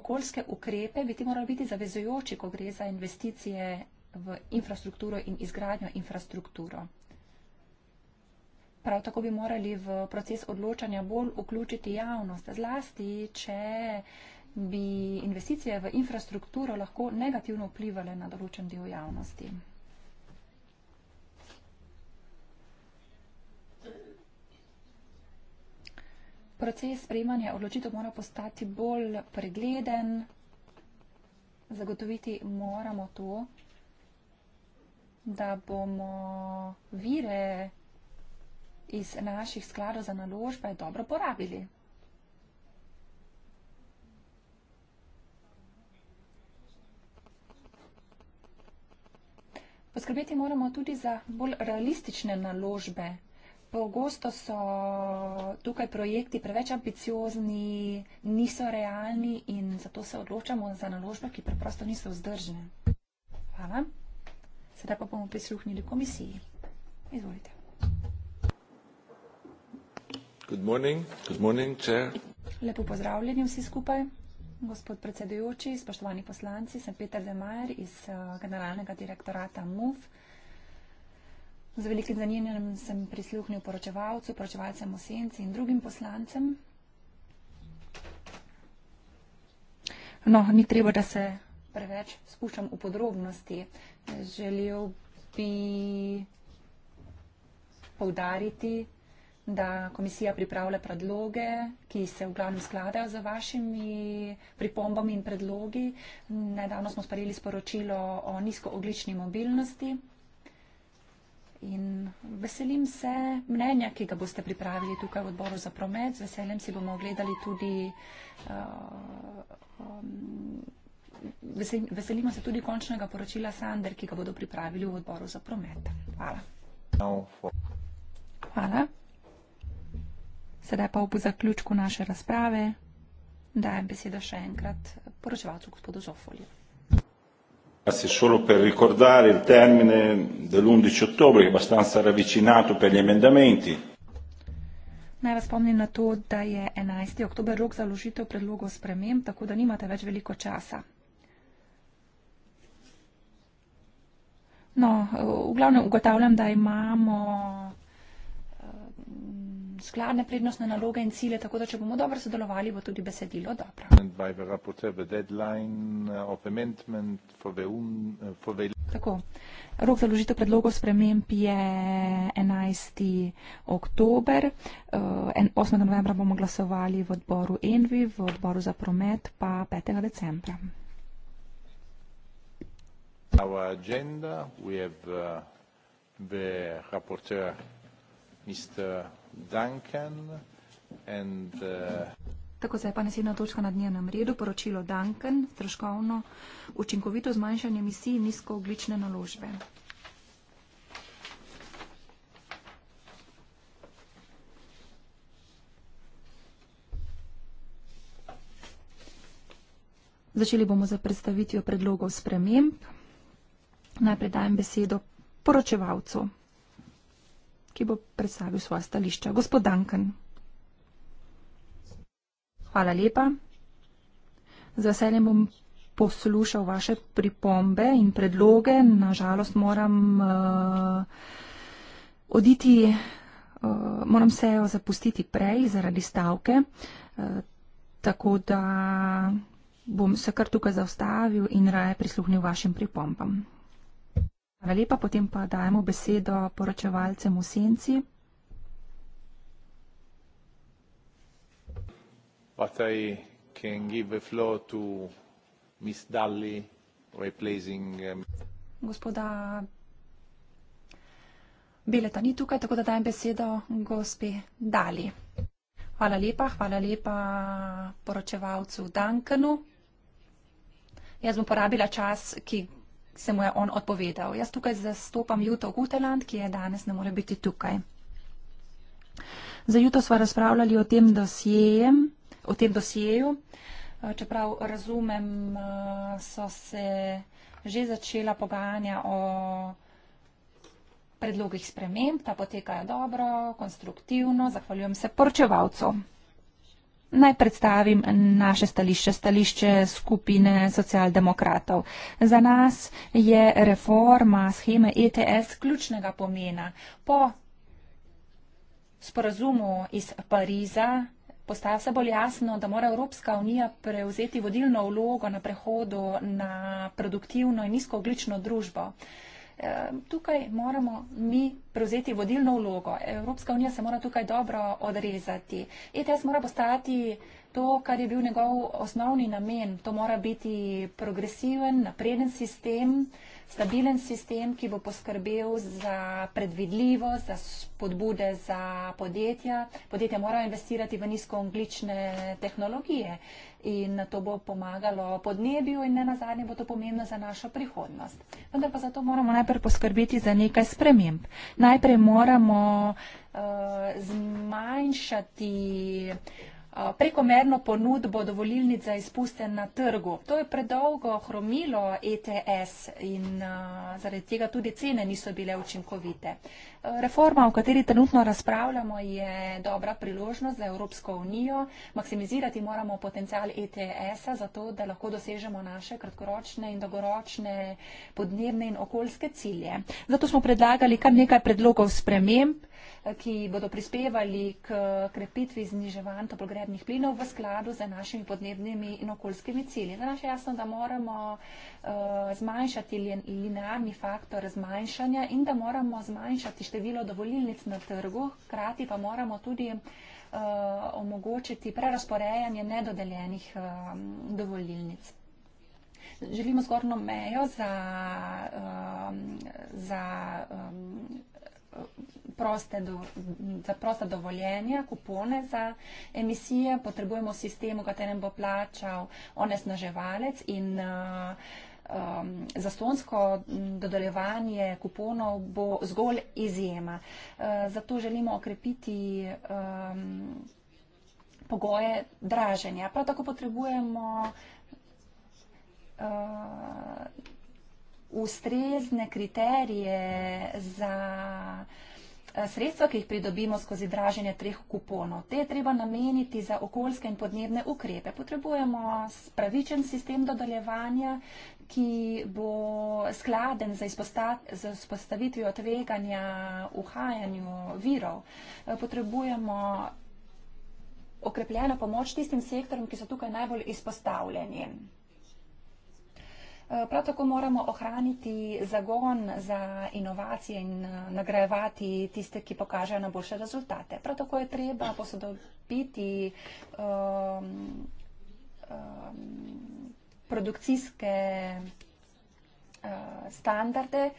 [SPEAKER 3] okoljske ukrepe, bi ti morali biti zavezojoči, ko gre za investicije v infrastrukturo in izgradnjo infrastrukturo. Prav tako bi morali v proces odločanja bolj vključiti javnost, zlasti, če bi investicije v infrastrukturo lahko negativno vplivali na določen del javnosti. Proces sprejemanja odločitev mora postati bolj pregleden, zagotoviti moramo to, da bomo vire, iz naših skladov za naložbe dobro porabili. Poskrbeti moramo tudi za bolj realistične naložbe. Pogosto so tukaj projekti preveč ambiciozni, niso realni in zato se odločamo za naložbe, ki preprosto niso vzdržne. Hvala. Sedaj pa bomo prisluhnili komisiji. Izvolite.
[SPEAKER 1] Good morning. Good morning,
[SPEAKER 3] Lepo pozdravljeni vsi skupaj. Gospod predsedujoči, spoštovani poslanci, sem Peter Demajer iz eh, generalnega direktorata MUF. Z velikim zanimanjem sem prisluhnil poročevalcu, poročevalcem o senci in drugim poslancem. No, ni treba, da se preveč spuščam v podrobnosti. Želel bi poudariti, da komisija pripravlja predloge, ki se v glavnem skladajo z vašimi pripombami in predlogi. Nedavno smo sprejeli sporočilo o nizkooglični mobilnosti in veselim se mnenja, ki ga boste pripravili tukaj v odboru za promet. Z veseljem si bomo ogledali tudi. Uh, um, Veselimo se tudi končnega poročila Sander, ki ga bodo pripravili v odboru za promet.
[SPEAKER 1] Hvala.
[SPEAKER 3] Hvala. Sedaj pa ob zaključku naše razprave dajem besedo še enkrat poročevalcu gospodu Zofolju.
[SPEAKER 1] Grazie solo per ricordare il termine dell'11 ottobre, che è abbastanza ravvicinato per gli emendamenti.
[SPEAKER 3] Naj vas spomnim na to, da je 11. oktober rok za ložitev predlogov sprememb, tako da nimate več veliko časa. No, v glavnem ugotavljam, da imamo skladne prednostne naloge in cilje, tako da če bomo dobro sodelovali, bo tudi besedilo dobro.
[SPEAKER 1] Uh, uh,
[SPEAKER 3] tako. Rok za ložitev predlogov sprememb je 11. oktober. 8. Uh, novembra bomo glasovali v odboru Envi, v odboru za promet pa 5. decembra.
[SPEAKER 1] Our agenda, we have uh, the rapporteur Uh,
[SPEAKER 3] Tako se je pa naslednja točka na dnevnem redu, poročilo Duncan, stroškovno učinkovito zmanjšanje emisij nizkooglične naložbe. Začeli bomo za predstavitvijo predlogov sprememb. Najprej dajem besedo poročevalcu ki bo predstavil svoja stališča. Gospod Duncan. Hvala lepa. Z veseljem bom poslušal vaše pripombe in predloge. Nažalost moram uh, oditi, uh, moram sejo zapustiti prej zaradi stavke. Uh, tako da bom se kar tukaj zaustavil in raje prisluhnil vašim pripombam. Hvala lepa, potem pa dajemo besedo poročevalcem v senci.
[SPEAKER 1] What I can give the floor to Miss Dalli replacing. Um...
[SPEAKER 3] Gospoda Beleta ni tukaj, tako da dajem besedo gospe Dali. Hvala lepa, hvala lepa poročevalcu Duncanu. Jaz bom porabila čas, ki se mu je on odpovedal. Jaz tukaj zastopam Juto Guteland, ki je danes ne more biti tukaj. Za Juto smo razpravljali o tem dosjeju, o tem dosjeju. Eh, čeprav razumem, eh, so se že začela pogajanja o predlogih sprememb, ta potekajo dobro, konstruktivno, zahvaljujem se porčevalcu. Naj predstavim naše stališče, stališče skupine socialdemokratov. Za nas je reforma scheme ETS ključnega pomena. Po sporazumu iz Pariza postaja vse bolj jasno, da mora Evropska unija prevzeti vodilno vlogo na prehodu na produktivno in nizkooglično družbo. Eh, tukaj moramo mi prevzeti vodilno vlogo. Evropska unija se mora tukaj dobro odrezati. ETS mora postati to, kar je bil njegov osnovni namen. To mora biti progresiven, napreden sistem, stabilen sistem, ki bo poskrbel za predvidljivost, za spodbude za podjetja. Podjetja morajo investirati v nizkoonglične tehnologije. Uh, in to bo pomagalo podnebju in ne nazadnje bo to pomembno za našo prihodnost. Vendar pa zato moramo najprej poskrbeti za nekaj sprememb. Najprej moramo uh, zmanjšati uh, prekomerno ponudbo dovolilnic za izpuste na trgu. To je predolgo hromilo ETS in zaradi tega tudi cene niso bile učinkovite. Reforma, o kateri trenutno razpravljamo, je dobra priložnost za Evropsko unijo. Maksimizirati moramo potencial ETS-a za to, da lahko dosežemo naše kratkoročne in dolgoročne podnebne in okoljske cilje. Zato smo predlagali kar nekaj predlogov sprememb ki bodo prispevali k krepitvi zniževanj toplogrednih plinov v skladu z našimi podnebnimi in okoljskimi cilji. Za nas je jasno, da moramo eh, zmanjšati linearni faktor zmanjšanja in da moramo zmanjšati število dovolilnic na trgu, hkrati pa moramo tudi eh, omogočiti prerasporejanje nedodeljenih eh, dovolilnic. Želimo zgornjo mejo za, za proste do, za prosta dovoljenja, kupone za emisije, potrebujemo sistem, v katerem bo plačal onesnaževalec in uh, um, zastonsko dodeljevanje kuponov bo zgolj izjema. Uh, zato želimo okrepiti um, pogoje draženja. Prav tako potrebujemo uh, ustrezne kriterije za Eh, sredstva, ki jih pridobimo skozi draženje treh kuponov. Te je treba nameniti za okoljske in podnebne ukrepe. Potrebujemo pravičen sistem dodaljevanja, ki bo skladen z izpostavitvijo tveganja uhajanju virov. Eh, potrebujemo okrepljeno pomoč tistim sektorom, ki so tukaj najbolj izpostavljeni. Eh, prav tako moramo ohraniti zagon za inovacije in eh, nagrajevati tiste, ki pokažejo na boljše rezultate. Prav tako je treba posodobiti um, um, produkcijske uh, standarde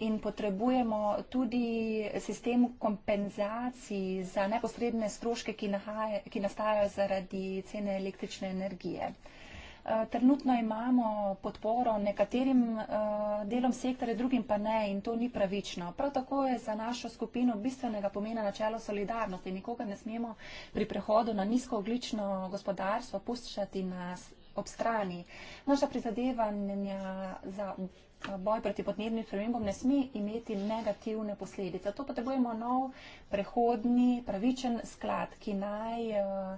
[SPEAKER 3] in potrebujemo tudi sistem kompenzacij za neposredne stroške, ki, nahaja, ki nastajajo zaradi cene električne energije. Uh, Eh, trenutno imamo podporo nekaterim eh, delom sektore, drugim pa ne in to ni pravično. Prav tako je za našo skupino bistvenega pomena načelo solidarnosti. Nikoga ne smemo pri prehodu na nizkooglično gospodarstvo puščati nas ob strani. Naša prizadevanja za eh, boj proti podnebnim spremembam ne sme imeti negativne posledice. Zato potrebujemo nov prehodni pravičen sklad, ki naj uh,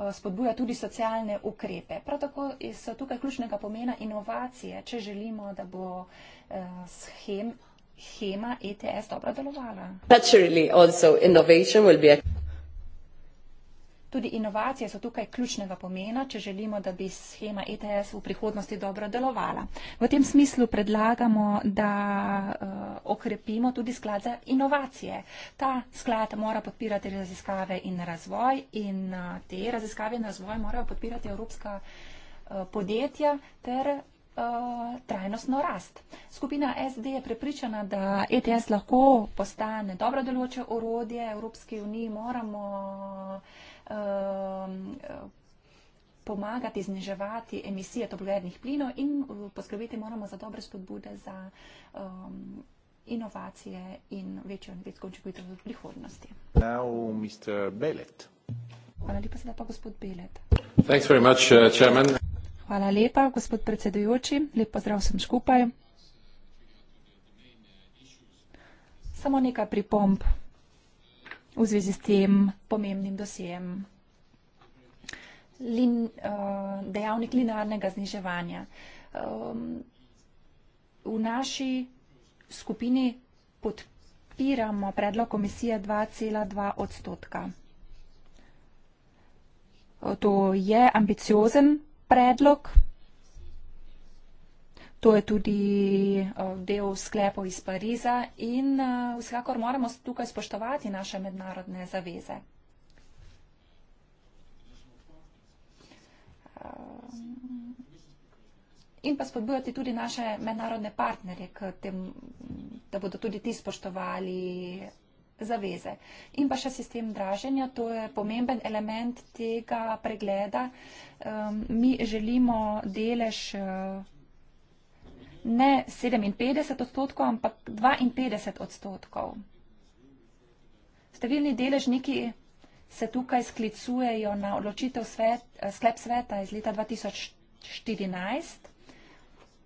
[SPEAKER 3] Eh, spodbuja tudi socialne ukrepe. Prav tako so tukaj ključnega pomena inovacije, če želimo, da bo eh, schema ETS dobro delovala. Tudi inovacije so tukaj ključnega pomena, če želimo, da bi schema ETS v prihodnosti dobro delovala. V tem smislu predlagamo, da uh, okrepimo tudi sklad za inovacije. Ta sklad mora podpirati raziskave in razvoj in uh, te raziskave in razvoj morajo podpirati evropska uh, podjetja ter uh, trajnostno rast. Skupina SD je prepričana, da ETS lahko postane dobro deloče orodje. Evropske unije moramo. Uh, Um, pomagati zniževati emisije toplogrednih plinov in uh, poskrbeti moramo za dobre spodbude za um, inovacije in večjo energetsko učinkovitost v prihodnosti.
[SPEAKER 1] Now,
[SPEAKER 3] Hvala lepa, sedaj pa gospod Belet. Much, uh, Hvala lepa, gospod predsedujoči. Lep pozdrav vsem skupaj. Samo nekaj pripomb v zvezi s tem pomembnim dosjem. Lin, uh, dejavnik linearnega zniževanja. Um, v naši skupini podpiramo predlog komisije 2,2 odstotka. Eh, to je ambiciozen predlog, To je tudi eh, del sklepov iz Pariza in eh, vsekakor moramo tukaj spoštovati naše mednarodne zaveze. Eh, in pa spodbujati tudi naše mednarodne partnerje, tem, da bodo tudi ti spoštovali zaveze. In pa še sistem draženja, to je pomemben element tega pregleda. Mi želimo delež ne 57 odstotkov, ampak 52 odstotkov. Številni deležniki se tukaj sklicujejo na odločitev svet, sklep sveta iz leta 2014,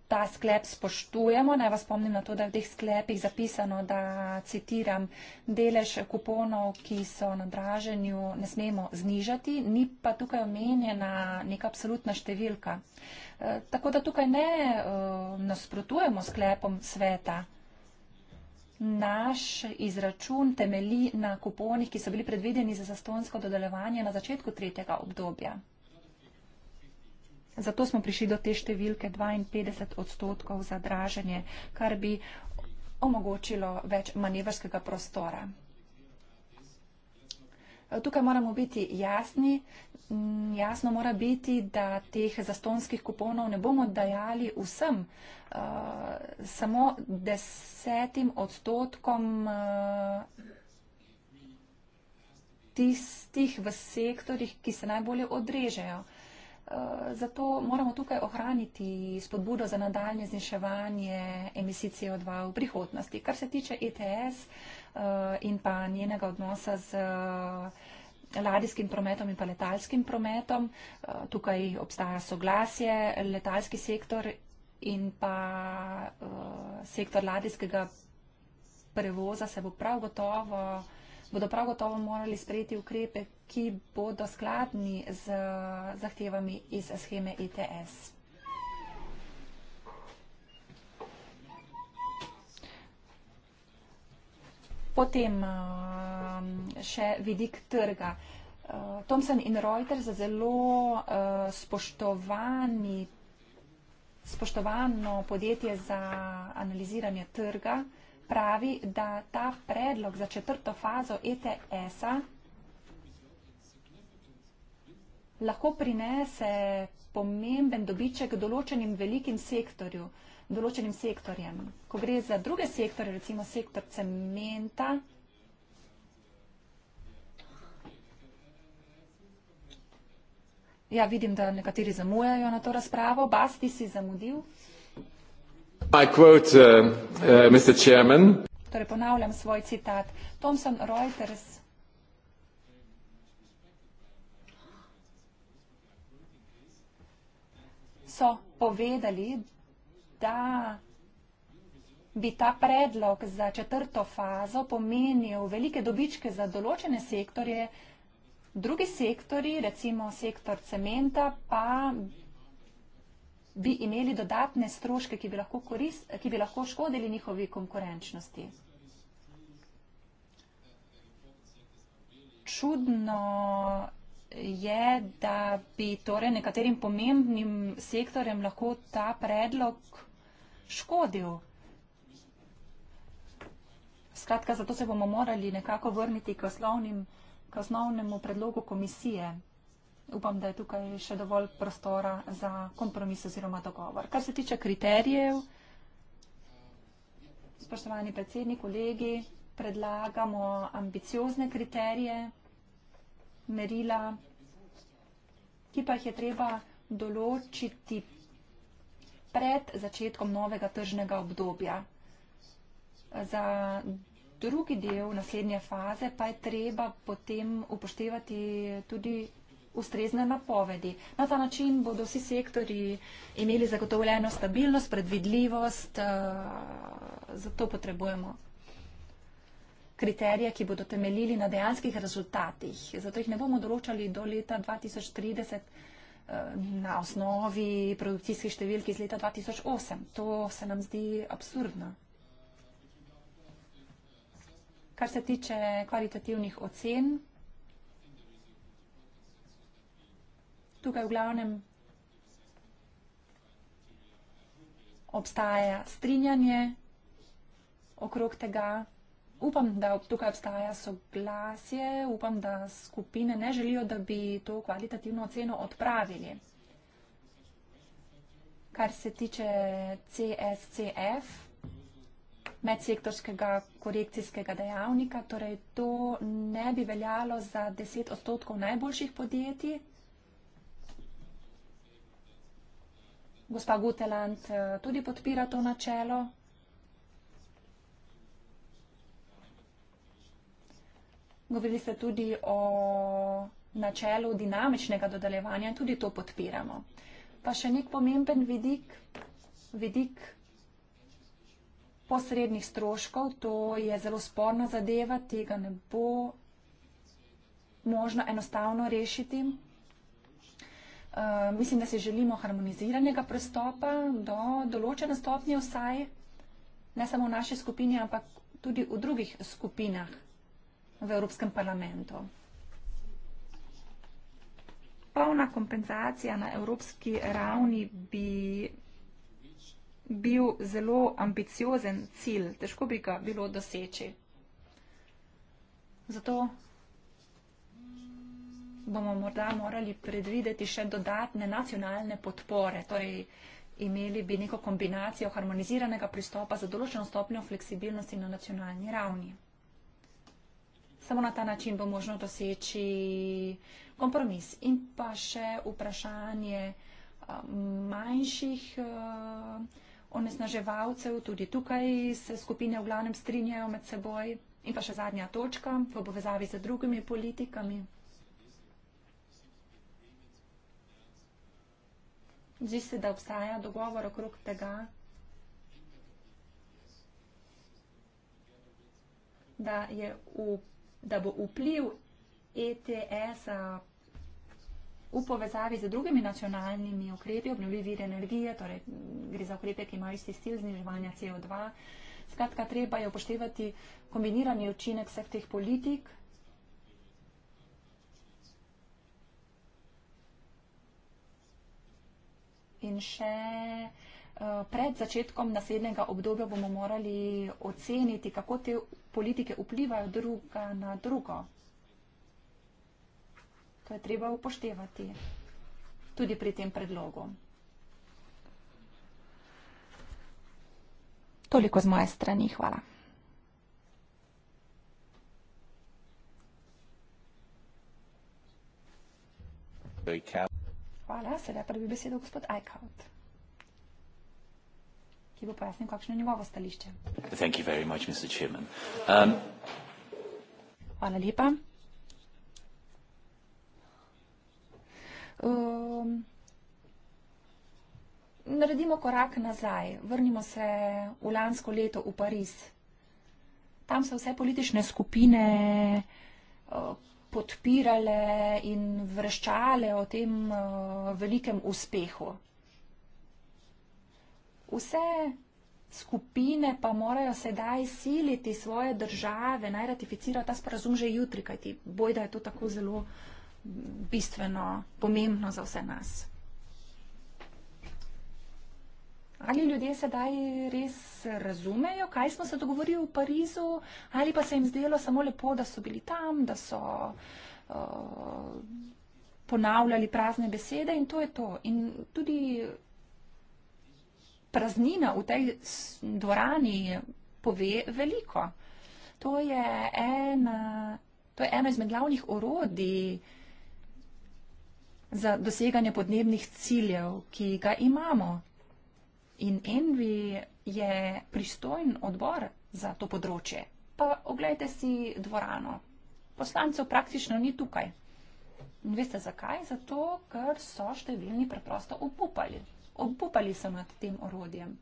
[SPEAKER 3] ta sklep spoštujemo. Naj vas spomnim na to, da je v teh sklepih zapisano, da citiram, delež kuponov, ki so na draženju, ne smemo znižati, ni pa tukaj omenjena neka absolutna številka. E, tako da tukaj ne e, nasprotujemo sklepom sveta. Naš izračun temeli na kuponih, ki so bili predvideni za zastonsko dodelovanje na začetku tretjega obdobja. Zato smo prišli do te številke 52 odstotkov za draženje, kar bi omogočilo več manevrskega prostora. Tukaj moramo biti jasni, jasno mora biti, da teh zastonskih kuponov ne bomo dajali vsem, eh, samo desetim odstotkom eh, tistih v sektorjih, ki se najbolje odrežejo. Eh, zato moramo tukaj ohraniti spodbudo za nadaljne zniševanje emisij CO2 v prihodnosti. Kar se tiče ETS eh, in pa njenega odnosa z eh, ladijskim prometom in pa letalskim prometom, tukaj obstaja soglasje, letalski sektor in pa sektor ladijskega prevoza se bo prav gotovo bodo prav gotovo morali sprejeti ukrepe, ki bodo skladni z zahtevami iz scheme ETS. Potem um, še vidik trga. Uh, Thomson in Reuters za zelo uh, spoštovano podjetje za analiziranje trga pravi, da ta predlog za četrto fazo ETS-a lahko prinese pomemben dobiček določenim velikim sektorju, določenim sektorjem. Ko gre za druge sektorje, recimo sektor cementa, Ja, vidim, da nekateri zamujajo na to razpravo. Basti si zamudil.
[SPEAKER 1] Uh, uh,
[SPEAKER 3] torej ponavljam svoj citat. Thomson Reuters. So povedali, da bi ta predlog za četrto fazo pomenil velike dobičke za določene sektorje, drugi sektori, recimo sektor cementa, pa bi imeli dodatne stroške, ki bi lahko, korist, ki bi lahko škodili njihovi konkurenčnosti. Čudno je, da bi torej nekaterim pomembnim sektorjem lahko ta predlog škodil. Skratka, zato se bomo morali nekako vrniti k, osnovnim, k osnovnemu predlogu komisije upam, da je tukaj še dovolj prostora za kompromis oziroma dogovor. Kar se tiče kriterijev, spoštovani predsednik, kolegi, predlagamo ambiciozne kriterije, merila, ki pa jih je treba določiti pred začetkom novega tržnega obdobja. Za drugi del naslednje faze pa je treba potem upoštevati tudi ustrezne napovedi. Na ta način bodo vsi sektori imeli zagotovljeno stabilnost, predvidljivost, eh, zato potrebujemo kriterije, ki bodo temeljili na dejanskih rezultatih. Zato jih ne bomo določali do leta 2030 eh, na osnovi produkcijskih številk iz leta 2008. To se nam zdi absurdno. Kar se tiče kvalitativnih ocen, Tukaj v glavnem obstaja strinjanje okrog tega. Upam, da tukaj obstaja soglasje, upam, da skupine ne želijo, da bi to kvalitativno oceno odpravili. Kar se tiče CSCF, medsektorskega korekcijskega dejavnika, torej to ne bi veljalo za 10 odstotkov najboljših podjetij, Gospa Guteland eh, tudi podpira to načelo. Govorili ste tudi o načelu dinamičnega dodeljevanja in tudi to podpiramo. Pa še nek pomemben vidik, vidik posrednih stroškov, to je zelo sporna zadeva, tega ne bo možno enostavno rešiti. Eh, mislim, da si želimo harmoniziranega prestopa do določene stopnje vsaj, ne samo v naši skupini, ampak tudi v drugih skupinah v Evropskem parlamentu. Polna kompenzacija na evropski ravni bi bil zelo ambiciozen cilj, težko bi ga bilo doseči. Zato bomo morda morali predvideti še dodatne nacionalne podpore. Torej, imeli bi neko kombinacijo harmoniziranega pristopa za določeno stopnjo fleksibilnosti na nacionalni ravni. Samo na ta način bo možno doseči kompromis. In pa še vprašanje eh, manjših eh, onesnaževalcev, tudi tukaj se skupine v glavnem strinjajo med seboj. In pa še zadnja točka v povezavi z drugimi politikami. Zdi se, da obstaja dogovor okrog tega, da, je v, da bo vpliv ETS-a v povezavi z drugimi nacionalnimi ukrepi, obnovljivi vir energije, torej gre za ukrepe, ki imajo isti stil zniževanja CO2. Skratka, treba je upoštevati kombinirani učinek vseh teh politik in še eh, pred začetkom naslednjega obdobja bomo morali oceniti, kako te politike vplivajo druga na drugo. To je treba upoštevati tudi pri tem predlogu. Toliko z moje strani, hvala. Very Hvala. Sedaj prvi besedo gospod Eichhout, ki bo pojasnil, kakšno je njegovo stališče. Much, um... Hvala lepa. Um, naredimo korak nazaj, vrnimo se v lansko leto v Pariz. Tam so vse politične skupine. Uh, podpirale in vreščale o tem eh, velikem uspehu. Vse skupine pa morajo sedaj siliti svoje države, naj ratificirajo ta sporazum že jutri, kajti bojda je to tako zelo bistveno pomembno za vse nas. ali ljudje sedaj res razumejo, kaj smo se dogovorili v Parizu, ali pa se jim zdelo samo lepo, da so bili tam, da so uh, ponavljali prazne besede in to je to. In tudi praznina v tej dvorani pove veliko. To je ena. To je eno izmed glavnih orodij za doseganje podnebnih ciljev, ki ga imamo. In Envi je pristojen odbor za to področje. Pa oglejte si dvorano. Poslancev praktično ni tukaj. In veste zakaj? Zato, ker so številni preprosto obupali. Obupali so nad tem orodjem.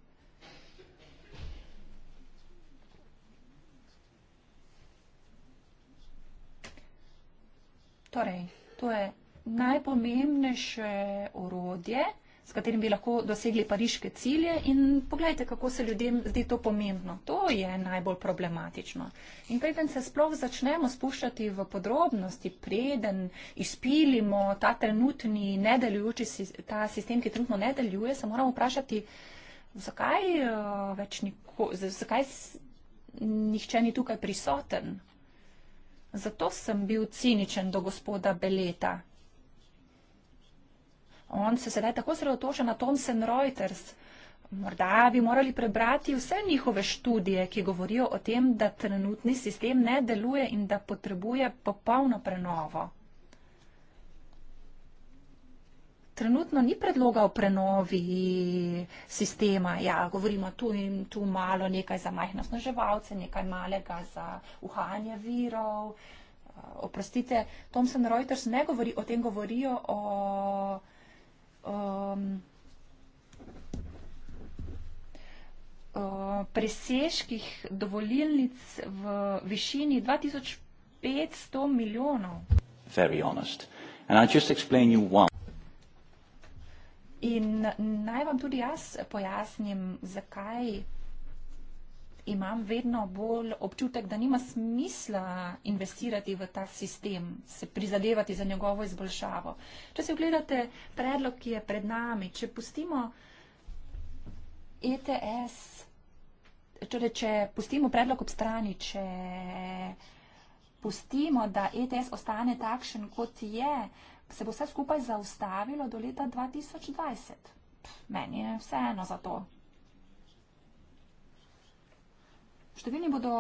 [SPEAKER 3] Torej, to je najpomembnejše orodje, katerim bi lahko dosegli pariške cilje in pogledajte, kako se ljudem zdi to pomembno. To je najbolj problematično. In preden se sploh začnemo spuščati v podrobnosti, preden izpilimo ta trenutni nedelujoči ta sistem, ki trenutno ne deluje, se moramo vprašati, zakaj, eh, niko, zakaj nihče ni tukaj prisoten. Zato sem bil ciničen do gospoda Beleta on se sedaj tako sredotoča na Thomson Reuters. Morda bi morali prebrati vse njihove študije, ki govorijo o tem, da trenutni sistem ne deluje in da potrebuje popolno prenovo. Trenutno ni predloga o prenovi sistema. Ja, govorimo tu in tu malo nekaj za majhno snaževalce, nekaj malega za uhanje virov. Oprostite, Thomson Reuters ne govori o tem, govorijo o um, uh, preseških dovolilnic v višini 2500 milijonov. Very honest. And I just explain you why. In naj vam tudi jaz pojasnim, zakaj imam vedno bolj občutek, da nima smisla investirati v ta sistem, se prizadevati za njegovo izboljšavo. Če se ogledate predlog, ki je pred nami, če pustimo ETS, torej če pustimo predlog ob strani, če pustimo, da ETS ostane takšen, kot je, se bo vse skupaj zaustavilo do leta 2020. Pff, meni je vseeno za to. Številni bodo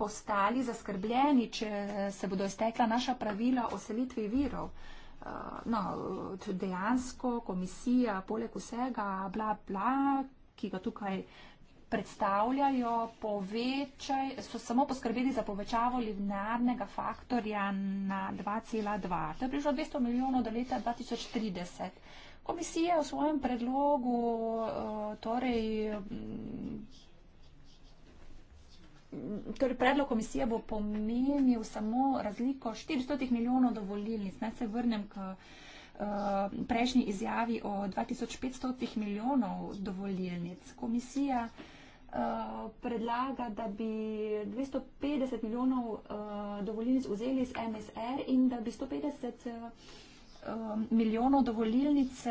[SPEAKER 3] postali zaskrbljeni, če se bodo iztekla naša pravila o selitvi virov. Eh, no, dejansko komisija, poleg vsega, bla, bla, ki ga tukaj predstavljajo, povečaj, so samo poskrbeli za povečavo linearnega faktorja na 2,2. To je prišlo 200 milijonov do leta 2030. Komisija v svojem predlogu eh, torej, Torej predlog komisije bo pomenil samo razliko 400 milijonov dovolilnic. Naj se vrnem k eh, prejšnji izjavi o 2500 milijonov dovolilnic. Komisija eh, predlaga, da bi 250 milijonov eh, dovolilnic vzeli iz MSR in da bi 150 milijonov dovolilnic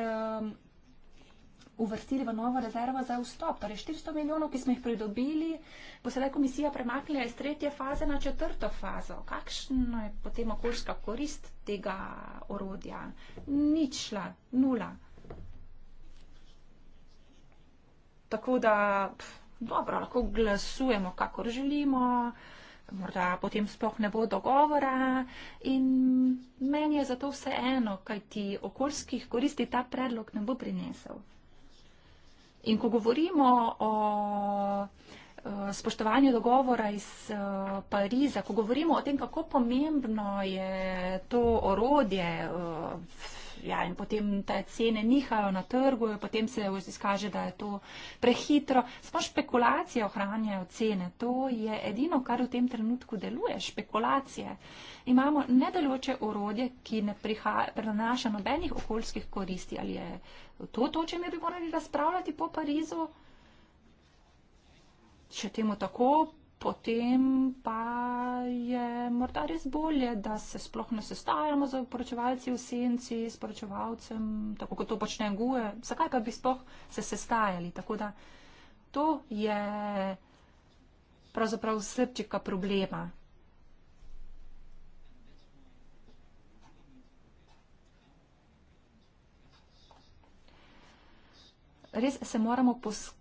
[SPEAKER 3] uvrstili v novo rezervo za vstop. Torej 400 milijonov, ki smo jih pridobili, bo sedaj komisija premaknila iz tretje faze na četrto fazo. Kakšna je potem okoljska korist tega orodja? Ničla, nula. Tako da, pf, dobro, lahko glasujemo, kakor želimo, morda potem sploh ne bo dogovora in meni je zato vse eno, kaj ti okoljskih koristi ta predlog ne bo prinesel. In ko govorimo o spoštovanju dogovora iz e, Pariza, ko govorimo o tem, kako pomembno je to orodje v e, ja, in potem te cene nihajo na trgu, potem se izkaže, da je to prehitro. Samo špekulacije ohranjajo cene. To je edino, kar v tem trenutku deluje, špekulacije. Imamo nedeloče orodje, ki ne prenaša nobenih okoljskih koristi. Ali je to to, če mi bi morali razpravljati po Parizu? Če temu tako potem pa je morda res bolje, da se sploh ne sestajamo z poročevalci v senci, s poročevalcem, tako kot to počne guje. Zakaj pa bi sploh se sestajali? Tako da to je pravzaprav srčika problema. Res se moramo pos,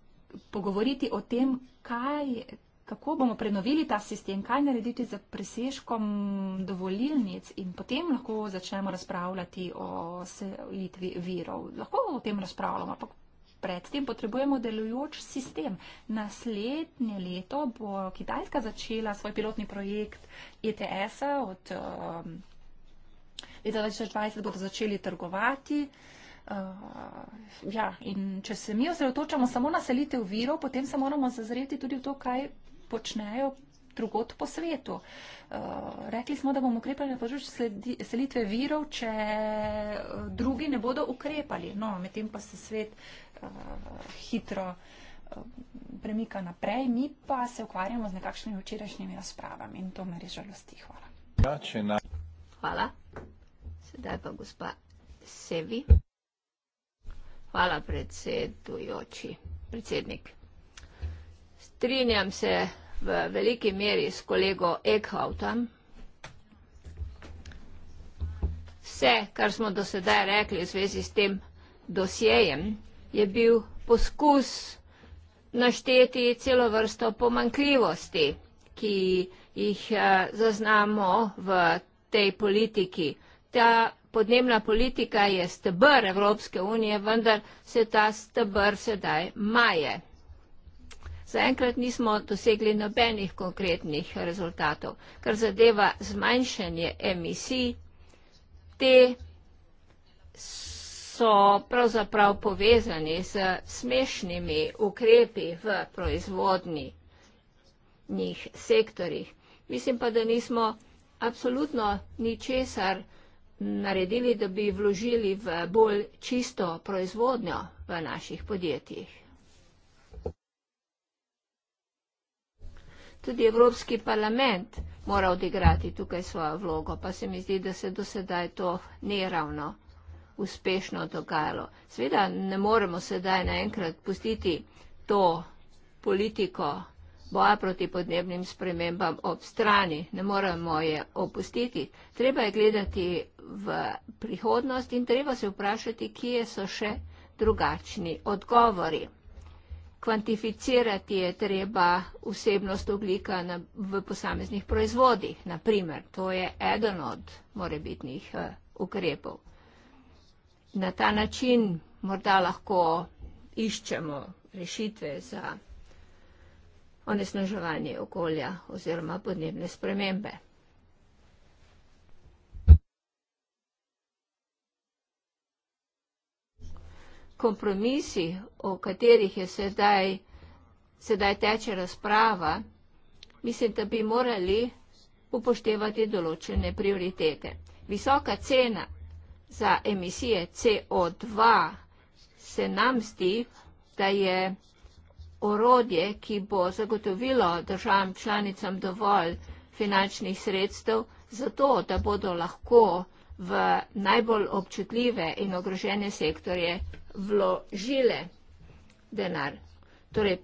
[SPEAKER 3] pogovoriti o tem, kaj, kako bomo prenovili ta sistem, kaj narediti za presežkom dovolilnic in potem lahko začnemo razpravljati o selitvi virov. Lahko o tem razpravljamo, ampak predtem potrebujemo delujoč sistem. Naslednje leto bo Kitajska začela svoj pilotni projekt ETS-a, od um, leta 2020 bodo začeli trgovati. Uh, ja, in če se mi osredotočamo samo na selitev virov, potem se moramo zazreti tudi v to, kaj počnejo drugot po svetu. Uh, rekli smo, da bomo ukrepali na področju selitve virov, če uh, drugi ne bodo ukrepali. No, medtem pa se svet uh, hitro uh, premika naprej, mi pa se ukvarjamo z nekakšnimi včerajšnjimi
[SPEAKER 4] razpravami in to me res žalosti. Hvala. Ja, na... Hvala. Sedaj pa gospa Sevi. Hvala predsedujoči, predsednik. Strinjam se v veliki meri s kolego Eckhoutom. Vse, kar smo do sedaj rekli v zvezi s tem dosjejem, je bil poskus našteti celo vrsto pomankljivosti, ki jih eh, zaznamo v tej politiki. Ta podnebna politika je stebr Evropske unije, vendar se ta stebr sedaj maje. Zaenkrat nismo dosegli nobenih konkretnih rezultatov, kar zadeva zmanjšanje emisij. Te so pravzaprav povezani z smešnimi ukrepi v proizvodnih sektorjih. Mislim pa, da nismo absolutno ničesar naredili, da bi vložili v bolj čisto proizvodnjo v naših podjetjih. tudi Evropski parlament mora odigrati tukaj svojo vlogo, pa se mi zdi, da se do sedaj to ni ravno uspešno dogajalo. Sveda ne moremo sedaj naenkrat pustiti to politiko boja proti podnebnim spremembam ob strani, ne moremo je opustiti. Treba je gledati v prihodnost in treba se vprašati, kje so še drugačni odgovori kvantificirati je treba vsebnost oglika na, v posameznih proizvodih, naprimer, to je eden od morebitnih uh, ukrepov. Na ta način morda lahko iščemo rešitve za onesnaževanje okolja oziroma podnebne spremembe. kompromisih, o katerih je sedaj, sedaj teče razprava, mislim, da bi morali upoštevati določene prioritete. Visoka cena za emisije CO2 se nam zdi, da je orodje, ki bo zagotovilo državam članicam dovolj finančnih sredstev, zato da bodo lahko v najbolj občutljive in ogrožene sektorje vložile denar. Torej,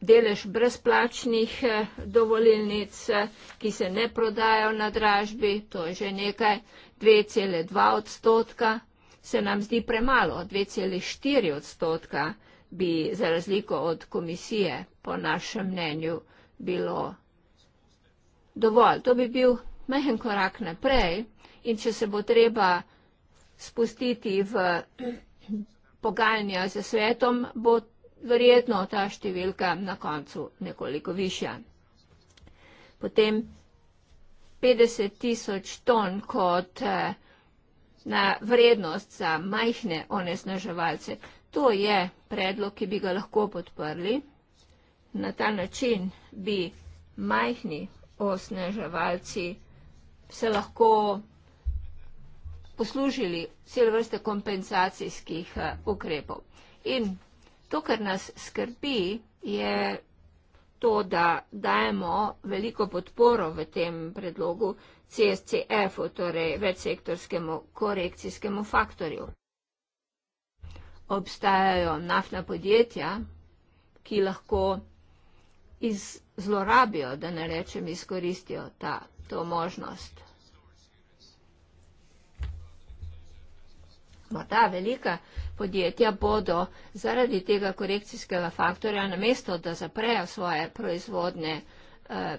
[SPEAKER 4] delež brezplačnih eh, dovolilnic, eh, ki se ne prodajo na dražbi, to je že nekaj 2,2 odstotka, se nam zdi premalo, 2,4 odstotka bi za razliko od komisije, po našem mnenju, bilo dovolj. To bi bil mehen korak naprej in če se bo treba spustiti v pogajanja z svetom bo verjetno ta številka na koncu nekoliko višja. Potem 50 tisoč ton kot eh, na vrednost za majhne onesnaževalce. To je predlog, ki bi ga lahko podprli. Na ta način bi majhni osneževalci se lahko poslužili cel vrste kompenzacijskih eh, ukrepov. In to, kar nas skrbi, je to, da dajemo veliko podporo v tem predlogu CSCF-u, torej večsektorskemu korekcijskemu faktorju. Obstajajo naftna podjetja, ki lahko iz zlorabijo, da ne rečem izkoristijo ta, to možnost. morda velika podjetja bodo zaradi tega korekcijskega faktorja, namesto da zaprejo svoje proizvodne eh,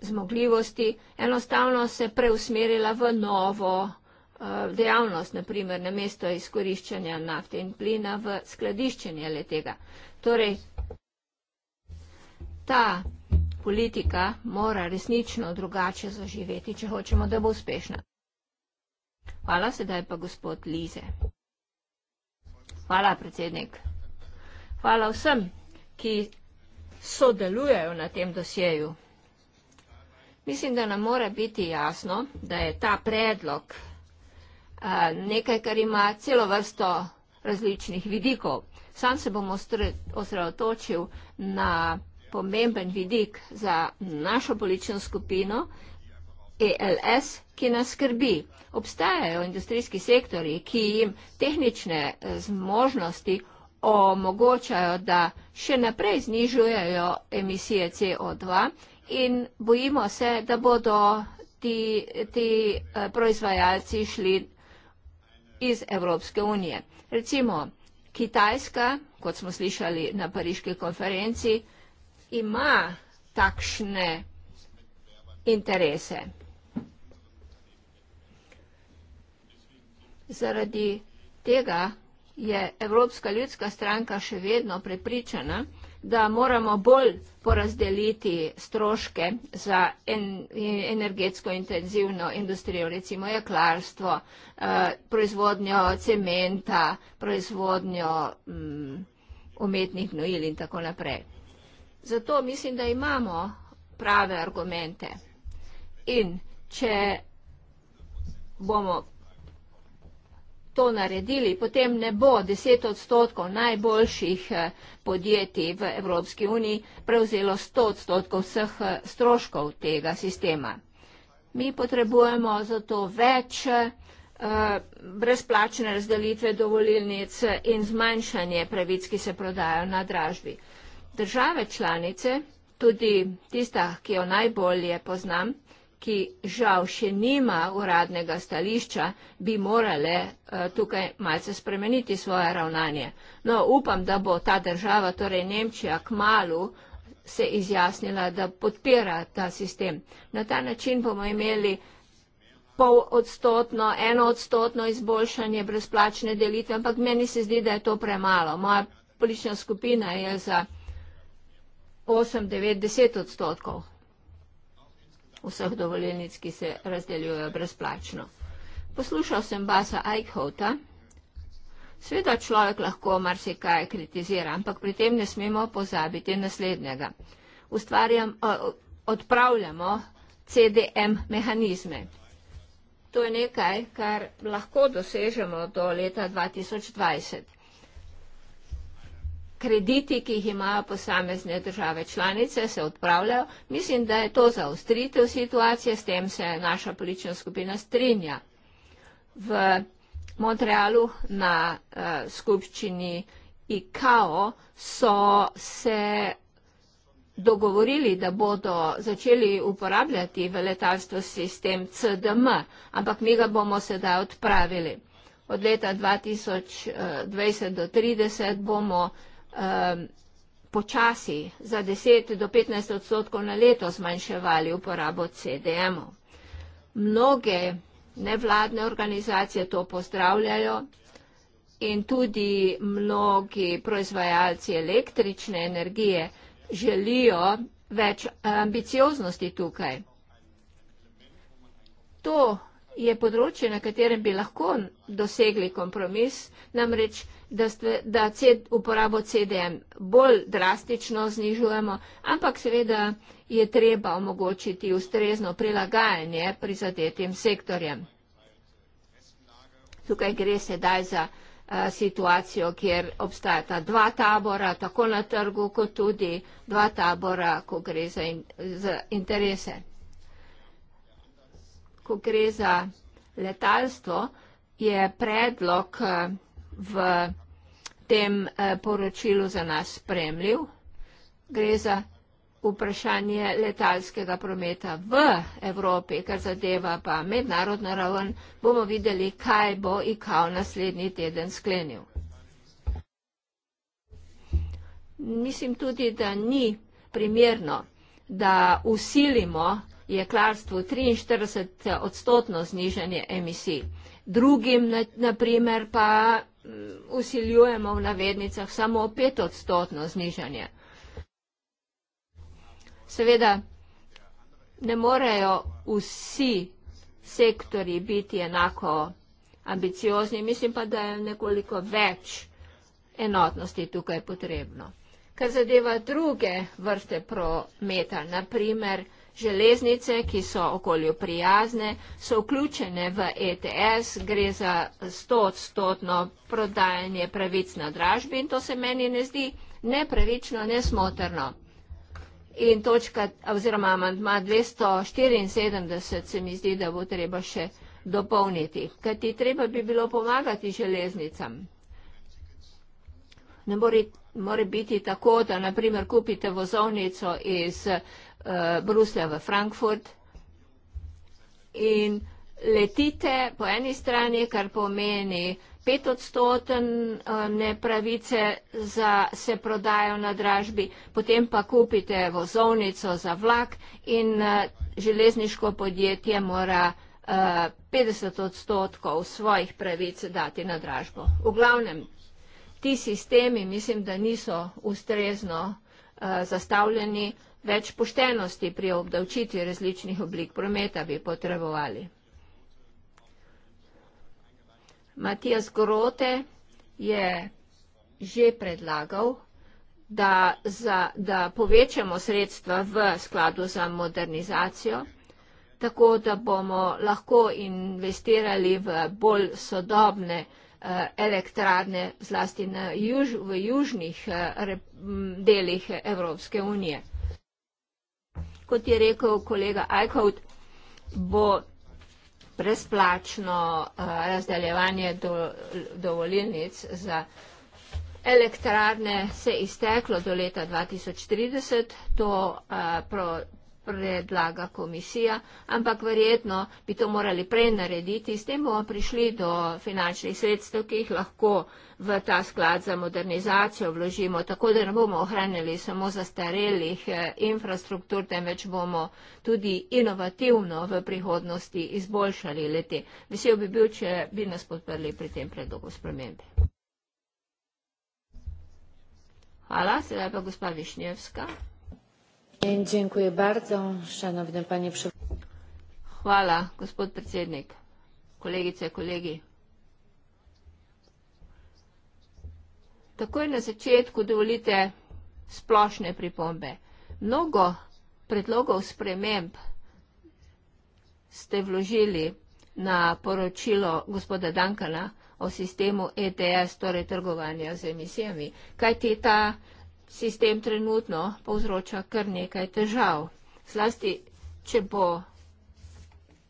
[SPEAKER 4] zmogljivosti, enostavno se preusmerila v novo eh, dejavnost, na primer namesto izkoriščanja nafte in plina v skladiščenje le-tega. Torej, ta politika mora resnično drugače zaživeti, če hočemo, da bo uspešna. Hvala, sedaj pa gospod Lize. Hvala, predsednik. Hvala vsem, ki sodelujejo na tem dosjeju. Mislim, da nam mora biti jasno, da je ta predlog a, nekaj, kar ima celo vrsto različnih vidikov. Sam se bom osredotočil na pomemben vidik za našo politično skupino, ELS, ki nas skrbi. Obstajajo industrijski sektori, ki jim tehnične eh, zmožnosti omogočajo, da še naprej znižujejo emisije CO2 in bojimo se, da bodo ti, ti eh, proizvajalci šli iz Evropske unije. Recimo Kitajska, kot smo slišali na pariški konferenci, ima takšne interese. Zaradi tega je Evropska ljudska stranka še vedno prepričana, da moramo bolj porazdeliti stroške za en, energetsko intenzivno industrijo, recimo jeklarstvo, eh, proizvodnjo cementa, proizvodnjo hm, umetnih gnojil in tako naprej. Zato mislim, da imamo prave argumente. In če bomo to naredili, potem ne bo deset odstotkov najboljših eh, podjetij v Evropski uniji prevzelo sto odstotkov vseh eh, stroškov tega sistema. Mi potrebujemo zato več eh, brezplačne razdelitve dovolilnic in zmanjšanje pravic, ki se prodajo na dražbi. Države članice, tudi tista, ki jo najbolje poznam, ki žal še nima uradnega stališča, bi morale eh, tukaj malce spremeniti svoje ravnanje. No, upam, da bo ta država, torej Nemčija, k malu se izjasnila, da podpira ta sistem. Na ta način bomo imeli pol odstotno, eno odstotno izboljšanje brezplačne delitve, ampak meni se zdi, da je to premalo. Moja politična skupina je za 8, 9, 10 odstotkov vseh dovoljenic, ki se razdeljujejo brezplačno. Poslušal sem Basa Eichhota. Sveda človek lahko marsikaj kritizira, ampak pri tem ne smemo pozabiti naslednjega. Ustvarjam, odpravljamo CDM mehanizme. To je nekaj, kar lahko dosežemo do leta 2020 krediti, ki jih imajo posamezne države članice, se odpravljajo. Mislim, da je to zaostritev situacije, s tem se naša politična skupina strinja. V Montrealu na uh, skupščini ICAO so se dogovorili, da bodo začeli uporabljati v letalstvo sistem CDM, ampak mi ga bomo sedaj odpravili. Od leta 2020 eh, do 2030 bomo um, počasi za 10 do 15 odstotkov na leto zmanjševali uporabo CDM-ov. Mnoge nevladne organizacije to pozdravljajo in tudi mnogi proizvajalci električne energije želijo več eh, ambicioznosti tukaj. To je področje, na katerem bi lahko dosegli kompromis, namreč, da, stve, da ced, uporabo CDM bolj drastično znižujemo, ampak seveda je treba omogočiti ustrezno prilagajanje prizadetim sektorjem. Tukaj gre sedaj za a, eh, situacijo, kjer obstajata dva tabora, tako na trgu, kot tudi dva tabora, ko gre za, in, za interese ko gre za letalstvo, je predlog eh, v tem eh, poročilu za nas spremljiv. Gre za vprašanje letalskega prometa v Evropi, kar zadeva pa mednarodno raven, bomo videli, kaj bo IKAO naslednji teden sklenil. Mislim tudi, da ni primerno, da usilimo jeklarstvu 43-odstotno znižanje emisij. Drugim, naprimer, pa mm, usiljujemo v navednicah samo 5-odstotno znižanje. Seveda, ne morejo vsi sektori biti enako ambiciozni, mislim pa, da je nekoliko več enotnosti tukaj potrebno. Kar zadeva druge vrste prometa, naprimer, vsega, železnice, ki so okolju prijazne, so vključene v ETS, gre za 100-stotno prodajanje pravic na dražbi in to se meni ne zdi nepravično, nesmotrno. In točka oziroma amandma 274 se mi zdi, da bo treba še dopolniti, kajti treba bi bilo pomagati železnicam. Ne mora biti tako, da naprimer kupite vozovnico iz uh, Bruslja v Frankfurt in letite po eni strani, kar pomeni pet odstoten eh, nepravice za se prodajo na dražbi, potem pa kupite vozovnico za vlak in eh, železniško podjetje mora 50 odstotkov svojih pravic dati na dražbo. V glavnem, ti sistemi mislim, da niso ustrezno zastavljeni. Več poštenosti pri obdavčitvi različnih oblik prometa bi potrebovali. Matijas Grote je že predlagal, da, za, da povečamo sredstva v skladu za modernizacijo, tako da bomo lahko investirali v bolj sodobne eh, elektrarne, zlasti na juž, v južnih eh, delih Evropske unije kot je rekel kolega Ajkovt, bo brezplačno eh, razdeljevanje dovolilnic do za elektrarne se izteklo do leta 2030, to a, eh, pro, predlaga komisija, ampak verjetno bi to morali prej narediti. S tem bomo prišli do finančnih sredstev, ki jih lahko v ta sklad za modernizacijo vložimo, tako da ne bomo ohranili samo zastarelih eh, infrastruktur, temveč bomo tudi inovativno v prihodnosti izboljšali leti. Vesel bi bil, če bi nas podprli pri tem predlogu spremembe. Hvala, sedaj pa gospa Višnjevska. Hvala, gospod predsednik. Kolegice, kolegi. Takoj na začetku dovolite splošne pripombe. Mnogo predlogov sprememb ste vložili na poročilo gospoda Dankana o sistemu ETS, torej trgovanja z emisijami. Kaj ti ta sprememba? sistem trenutno povzroča kar nekaj težav. Zlasti, če bo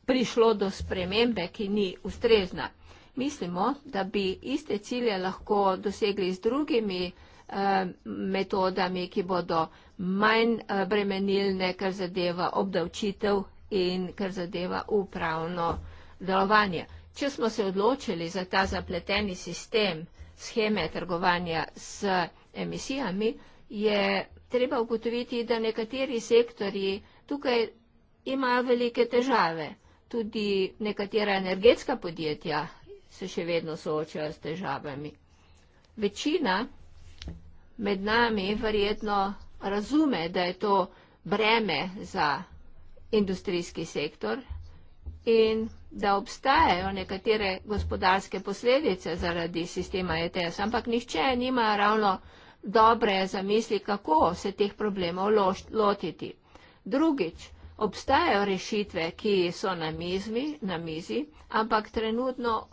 [SPEAKER 4] prišlo do spremembe, ki ni ustrezna. Mislimo, da bi iste cilje lahko dosegli z drugimi eh, metodami, ki bodo manj eh, bremenilne, kar zadeva obdavčitev in kar zadeva upravno delovanje. Če smo se odločili za ta zapleteni sistem, scheme trgovanja s emisijami, je treba ugotoviti, da nekateri sektori tukaj imajo velike težave. Tudi nekatera energetska podjetja se še vedno soočajo s težavami. Večina med nami verjetno razume, da je to breme za industrijski sektor in da obstajajo nekatere gospodarske posledice zaradi sistema ETS, ampak nihče nima ravno dobre zamisli, kako se teh problemov lotiti. Drugič, obstajajo rešitve, ki so na, mizmi, na mizi, ampak trenutno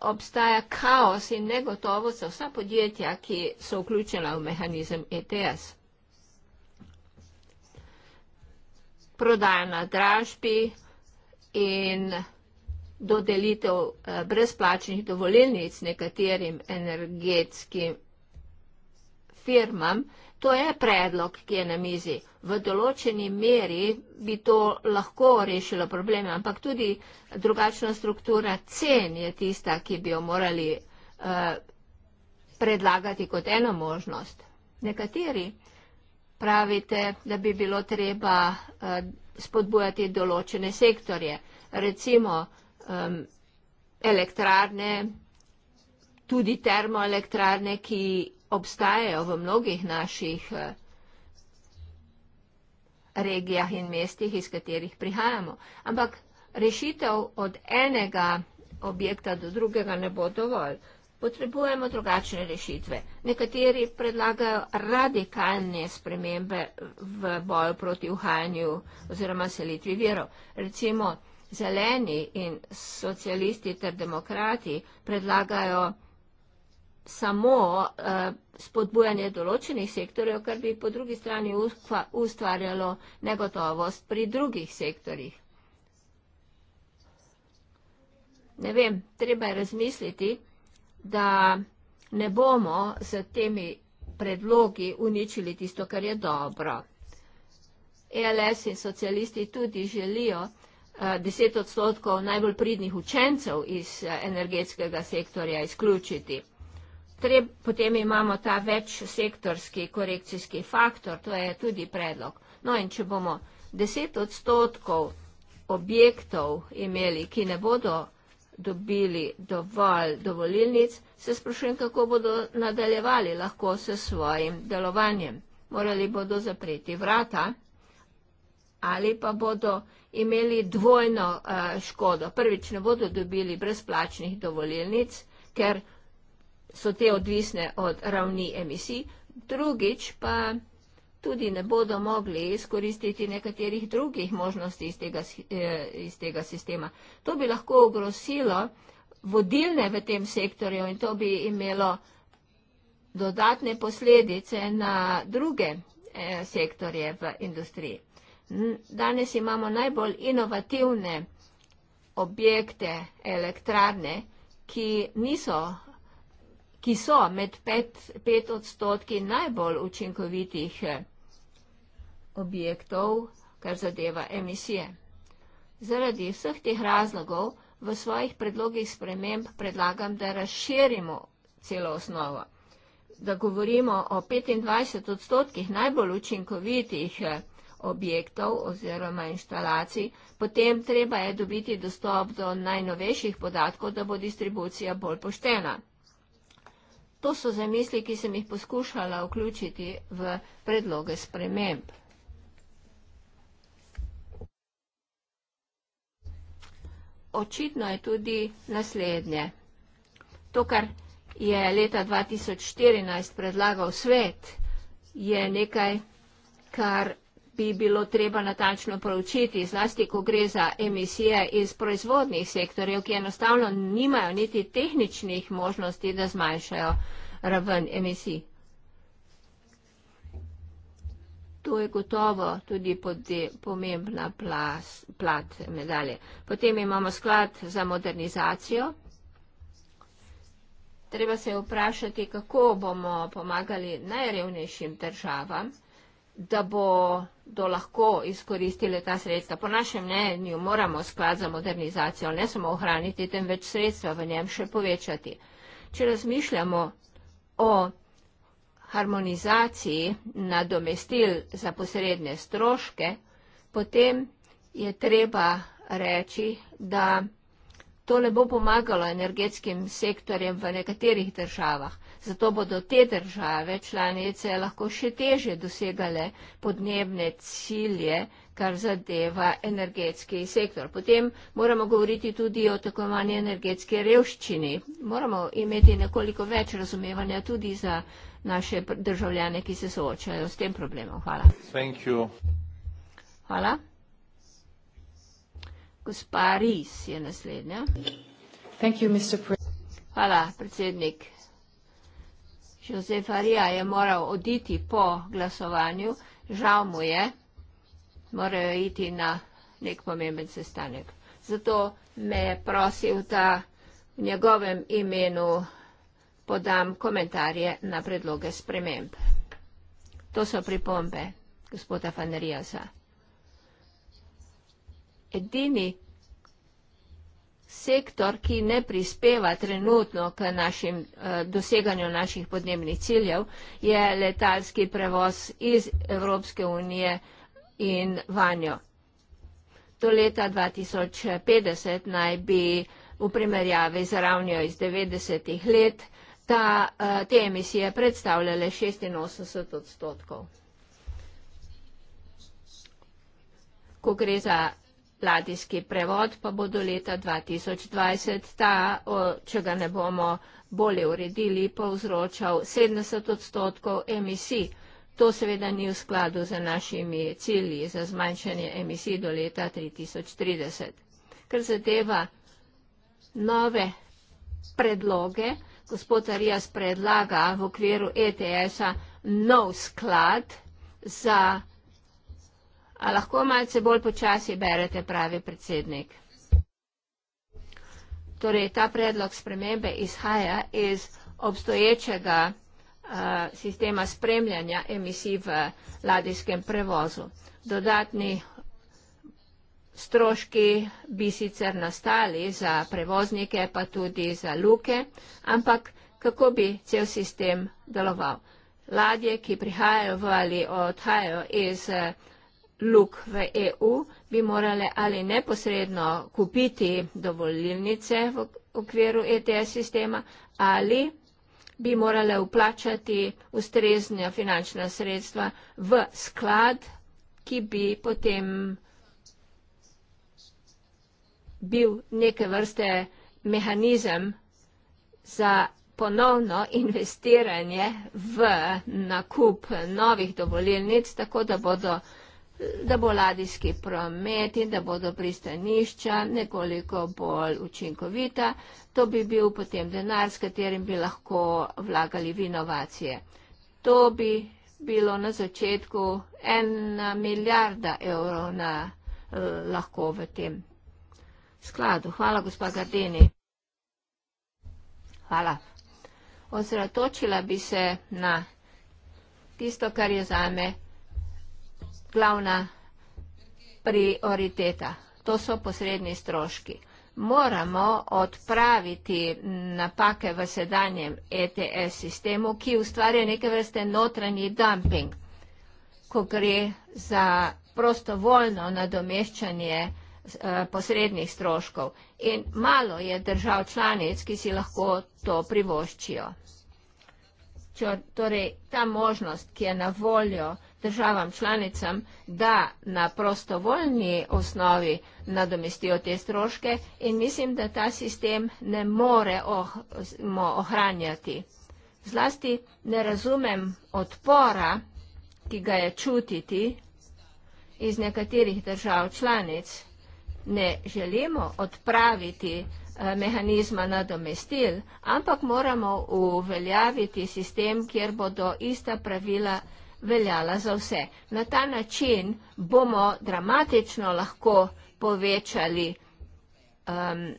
[SPEAKER 4] obstaja kaos in negotovost za vsa podjetja, ki so vključena v mehanizem ETS. Prodaja na dražbi in dodelitev eh, brezplačnih dovoljenic nekaterim energetskim firmam, to je predlog, ki je na mizi. V določeni meri bi to lahko rešilo probleme, ampak tudi drugačna struktura cen je tista, ki bi jo morali uh, predlagati kot eno možnost. Nekateri pravite, da bi bilo treba uh, spodbujati določene sektorje, recimo um, elektrarne, tudi termoelektrarne, ki obstajajo v mnogih naših eh, regijah in mestih, iz katerih prihajamo. Ampak rešitev od enega objekta do drugega ne bo dovolj. Potrebujemo drugačne rešitve. Nekateri predlagajo radikalne spremembe v boju proti uhajanju oziroma selitvi virov. Recimo zeleni in socialisti ter demokrati predlagajo, samo uh, spodbujanje določenih sektorjev, kar bi po drugi strani ustvarjalo negotovost pri drugih sektorjih. Ne vem, treba je razmisliti, da ne bomo z temi predlogi uničili tisto, kar je dobro. ELS in socialisti tudi želijo uh, eh, 10 odstotkov najbolj pridnih učencev iz uh, energetskega sektorja izključiti treb, potem imamo ta večsektorski korekcijski faktor, to je tudi predlog. No in če bomo deset odstotkov objektov imeli, ki ne bodo dobili dovolj dovolilnic, se sprašujem, kako bodo nadaljevali lahko s svojim delovanjem. Morali bodo zapreti vrata ali pa bodo imeli dvojno uh, škodo. Prvič ne bodo dobili brezplačnih dovolilnic, ker so te odvisne od ravni emisij, drugič pa tudi ne bodo mogli izkoristiti nekaterih drugih možnosti iz tega, eh, iz tega sistema. To bi lahko ogrosilo vodilne v tem sektorju in to bi imelo dodatne posledice na druge eh, sektorje v industriji. Danes imamo najbolj inovativne objekte, elektrarne, ki niso ki so med pet, pet odstotki najbolj učinkovitih eh, objektov, kar zadeva emisije. Zaradi vseh teh razlogov v svojih predlogih sprememb predlagam, da razširimo celo osnovo, da govorimo o 25 odstotkih najbolj učinkovitih eh, objektov oziroma inštalacij, potem treba je dobiti dostop do najnovejših podatkov, da bo distribucija bolj poštena. To so zamisli, ki sem jih poskušala vključiti v predloge sprememb. Očitno je tudi naslednje. To, kar je leta 2014 predlagal svet, je nekaj, kar bi bilo treba natančno proučiti, zlasti ko gre za emisije iz proizvodnih sektorjev, ki enostavno nimajo niti tehničnih možnosti, da zmanjšajo raven emisij. To je gotovo tudi pomembna plas, plat medalje. Potem imamo sklad za modernizacijo. Treba se vprašati, kako bomo pomagali najrevnejšim državam da bodo lahko izkoristili ta sredstva. Po našem mnenju moramo sklad za modernizacijo ne samo ohraniti, temveč sredstva v njem še povečati. Če razmišljamo o harmonizaciji nadomestil za posredne stroške, potem je treba reči, da. To le bo pomagalo energetskim sektorjem v nekaterih državah, zato bodo te države članice lahko še teže dosegale podnebne cilje, kar zadeva energetski sektor. Potem moramo govoriti tudi o tako manji energetski revščini. Moramo imeti nekoliko več razumevanja tudi za naše državljane, ki se soočajo s tem problemom.
[SPEAKER 1] Hvala.
[SPEAKER 4] Hvala. Gospa Ries je naslednja. You, Hvala, predsednik. Jozef Arija je moral oditi po glasovanju. Žal mu je, morajo iti na nek pomemben sestanek. Zato me je prosil, da v njegovem imenu podam komentarje na predloge sprememb. To so pripombe gospoda Fanerijasa edini sektor, ki ne prispeva trenutno k našim, eh, doseganju naših podnebnih ciljev, je letalski prevoz iz Evropske unije in vanjo. Do leta 2050 naj bi v primerjavi z ravnjo iz 90. let ta, eh, te emisije predstavljale 86 odstotkov. Ko gre za Ladijski prevod pa bo do leta 2020 ta, o, če ga ne bomo bolje uredili, povzročal 70 odstotkov emisij. To seveda ni v skladu z našimi cilji za zmanjšanje emisij do leta 2030. Ker zadeva nove predloge, gospod Arias predlaga v okviru ETS-a nov sklad za. A lahko malce bolj počasi berete, pravi predsednik. Torej, ta predlog spremembe izhaja iz obstoječega uh, sistema spremljanja emisij v ladijskem prevozu. Dodatni stroški bi sicer nastali za prevoznike, pa tudi za luke, ampak kako bi cel sistem deloval? Ladje, ki prihajajo v ali odhajajo iz uh, luk v EU, bi morale ali neposredno kupiti dovoljnice v okviru ETS sistema ali bi morale uplačati ustrezna finančna sredstva v sklad, ki bi potem bil neke vrste mehanizem za ponovno investiranje v nakup novih dovoljenic, tako da bodo da bo ladijski promet in da bodo pristanišča nekoliko bolj učinkovita. To bi bil potem denar, s katerim bi lahko vlagali v inovacije. To bi bilo na začetku ena milijarda evrov na, eh, lahko v tem skladu. Hvala, gospa Gardini. Hvala. Osredotočila bi se na tisto, kar je zame glavna prioriteta. To so posredni stroški. Moramo odpraviti napake v sedanjem ETS sistemu, ki ustvarja neke vrste notranji dumping, ko gre za prostovoljno nadomeščanje eh, posrednih stroškov. In malo je držav članic, ki si lahko to privoščijo. Torej, ta možnost, ki je na voljo vsega, državam članicam, da na prostovoljni osnovi nadomestijo te stroške in mislim, da ta sistem ne more oh, ohranjati. Zlasti ne razumem odpora, ki ga je čutiti iz nekaterih držav članic. Ne želimo odpraviti eh, mehanizma nadomestil, ampak moramo uveljaviti sistem, kjer bodo ista pravila nadomestila veljala za vse. Na ta način bomo dramatično lahko povečali um,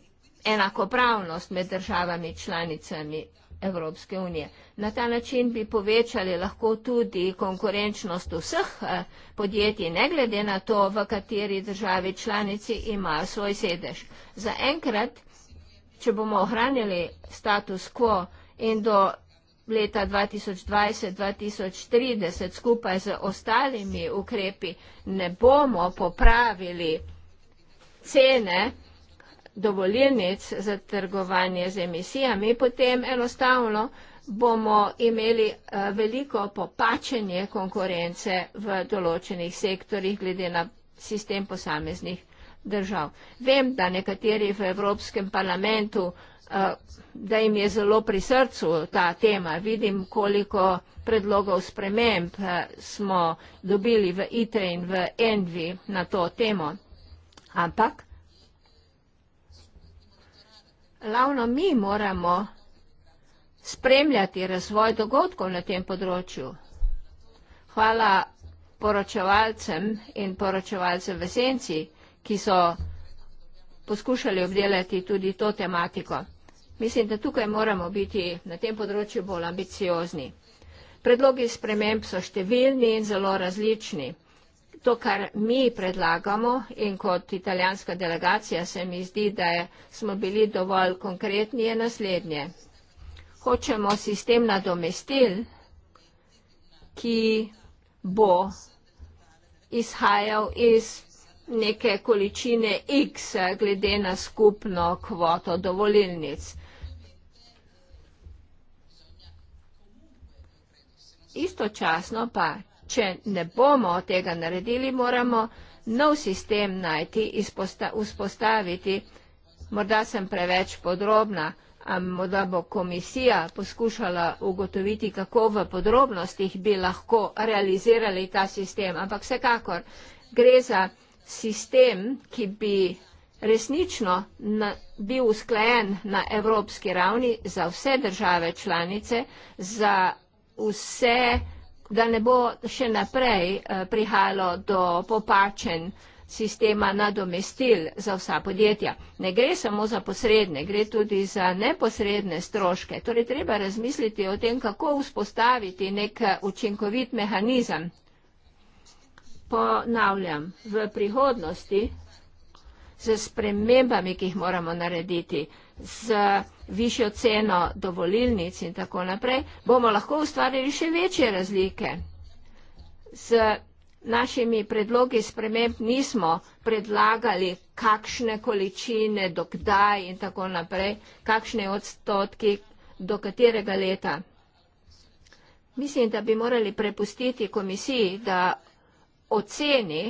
[SPEAKER 4] enakopravnost med državami članicami Evropske unije. Na ta način bi povečali lahko tudi konkurenčnost vseh eh, podjetij, ne glede na to, v kateri državi članici imajo svoj sedež. Za enkrat, če bomo ohranili status quo in do leta 2020-2030 skupaj z ostalimi ukrepi ne bomo popravili cene dovoljenic za trgovanje z emisijami, potem enostavno bomo imeli eh, veliko popačenje konkurence v določenih sektorjih glede na sistem posameznih držav. Vem, da nekateri v Evropskem parlamentu Eh, da jim je zelo pri srcu ta tema. Vidim, koliko predlogov sprememb eh, smo dobili v ITE in v ENVI na to temo. Ampak, glavno mi moramo spremljati razvoj dogodkov na tem področju. Hvala poročevalcem in poročevalcem v Senci, ki so poskušali obdelati tudi to tematiko. Mislim, da tukaj moramo biti na tem področju bolj ambiciozni. Predlogi sprememb so številni in zelo različni. To, kar mi predlagamo in kot italijanska delegacija se mi zdi, da je, smo bili dovolj konkretni, je naslednje. Hočemo sistem nadomestil, ki bo izhajal iz neke količine X glede na skupno kvoto dovolilnic. istočasno pa, če ne bomo tega naredili, moramo nov sistem najti, vzpostaviti. Morda sem preveč podrobna, a morda bo komisija poskušala ugotoviti, kako v podrobnostih bi lahko realizirali ta sistem. Ampak vsekakor gre za sistem, ki bi resnično na, bil usklajen na evropski ravni za vse države članice, za vse, da ne bo še naprej eh, prihajalo do popačen sistema nadomestil za vsa podjetja. Ne gre samo za posredne, gre tudi za neposredne stroške. Torej treba razmisliti o tem, kako vzpostaviti nek eh, učinkovit mehanizem. Ponavljam, v prihodnosti z spremembami, ki jih moramo narediti, z višjo ceno dovolilnic in tako naprej, bomo lahko ustvarili še večje razlike. Z našimi predlogi sprememb nismo predlagali, kakšne količine, dokdaj in tako naprej, kakšne odstotki, do katerega leta. Mislim, da bi morali prepustiti komisiji, da oceni,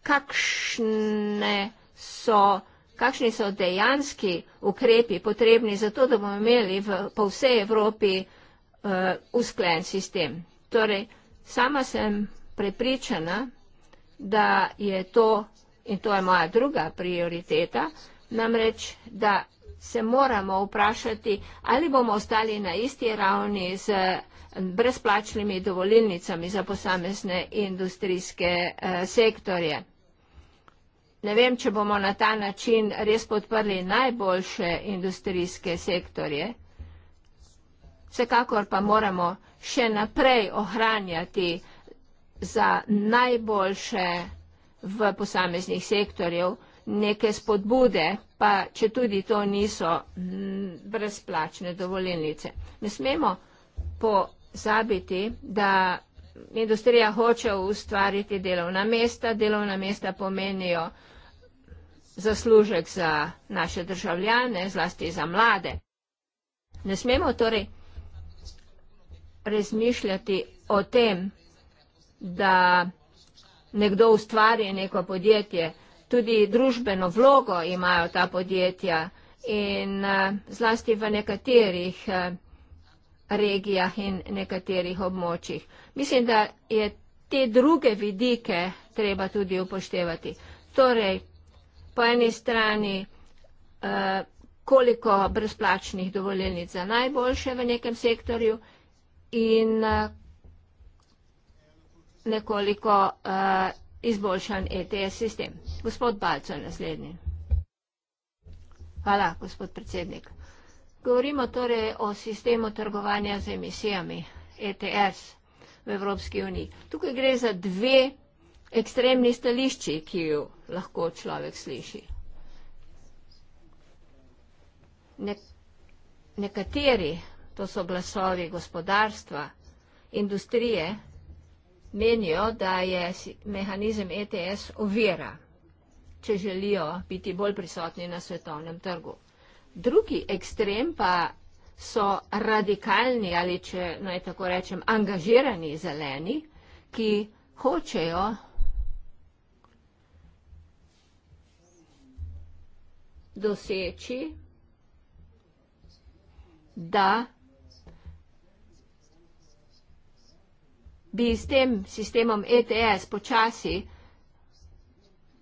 [SPEAKER 4] kakšne odstotke, so, kakšni so dejanski ukrepi potrebni za to, da bomo imeli v, po vsej Evropi uh, eh, usklen sistem. Torej, sama sem prepričana, da je to, in to je moja druga prioriteta, namreč, da se moramo vprašati, ali bomo ostali na isti ravni z brezplačnimi dovolilnicami za posamezne industrijske eh, sektorje. Ne vem, če bomo na ta način res podprli najboljše industrijske sektorje. Vsekakor pa moramo še naprej ohranjati za najboljše v posameznih sektorjev neke spodbude, pa če tudi to niso brezplačne dovoljenice. Ne smemo pozabiti, da industrija hoče ustvariti delovna mesta, delovna mesta pomenijo zaslužek za naše državljane, zlasti za mlade. Ne smemo torej razmišljati o tem, da nekdo ustvari neko podjetje, tudi družbeno vlogo imajo ta podjetja in eh, zlasti v nekaterih eh, regijah in nekaterih območjih. Mislim, da je te druge vidike treba tudi upoštevati. Torej, po eni strani, eh, koliko brezplačnih dovoljenic za najboljše v nekem sektorju in eh, nekoliko eh, izboljšan ETS sistem. Gospod Balco, naslednji. Hvala, gospod predsednik. Govorimo torej o sistemu trgovanja z emisijami ETS v Evropski uniji. Tukaj gre za dve različni ekstremni stališči, ki jo lahko človek sliši. Ne, nekateri, to so glasovi gospodarstva, industrije, menijo, da je mehanizem ETS ovira, če želijo biti bolj prisotni na svetovnem trgu. Drugi ekstrem pa so radikalni ali, če naj tako rečem, angažirani zeleni, ki hočejo doseči, da bi s tem sistemom ETS počasi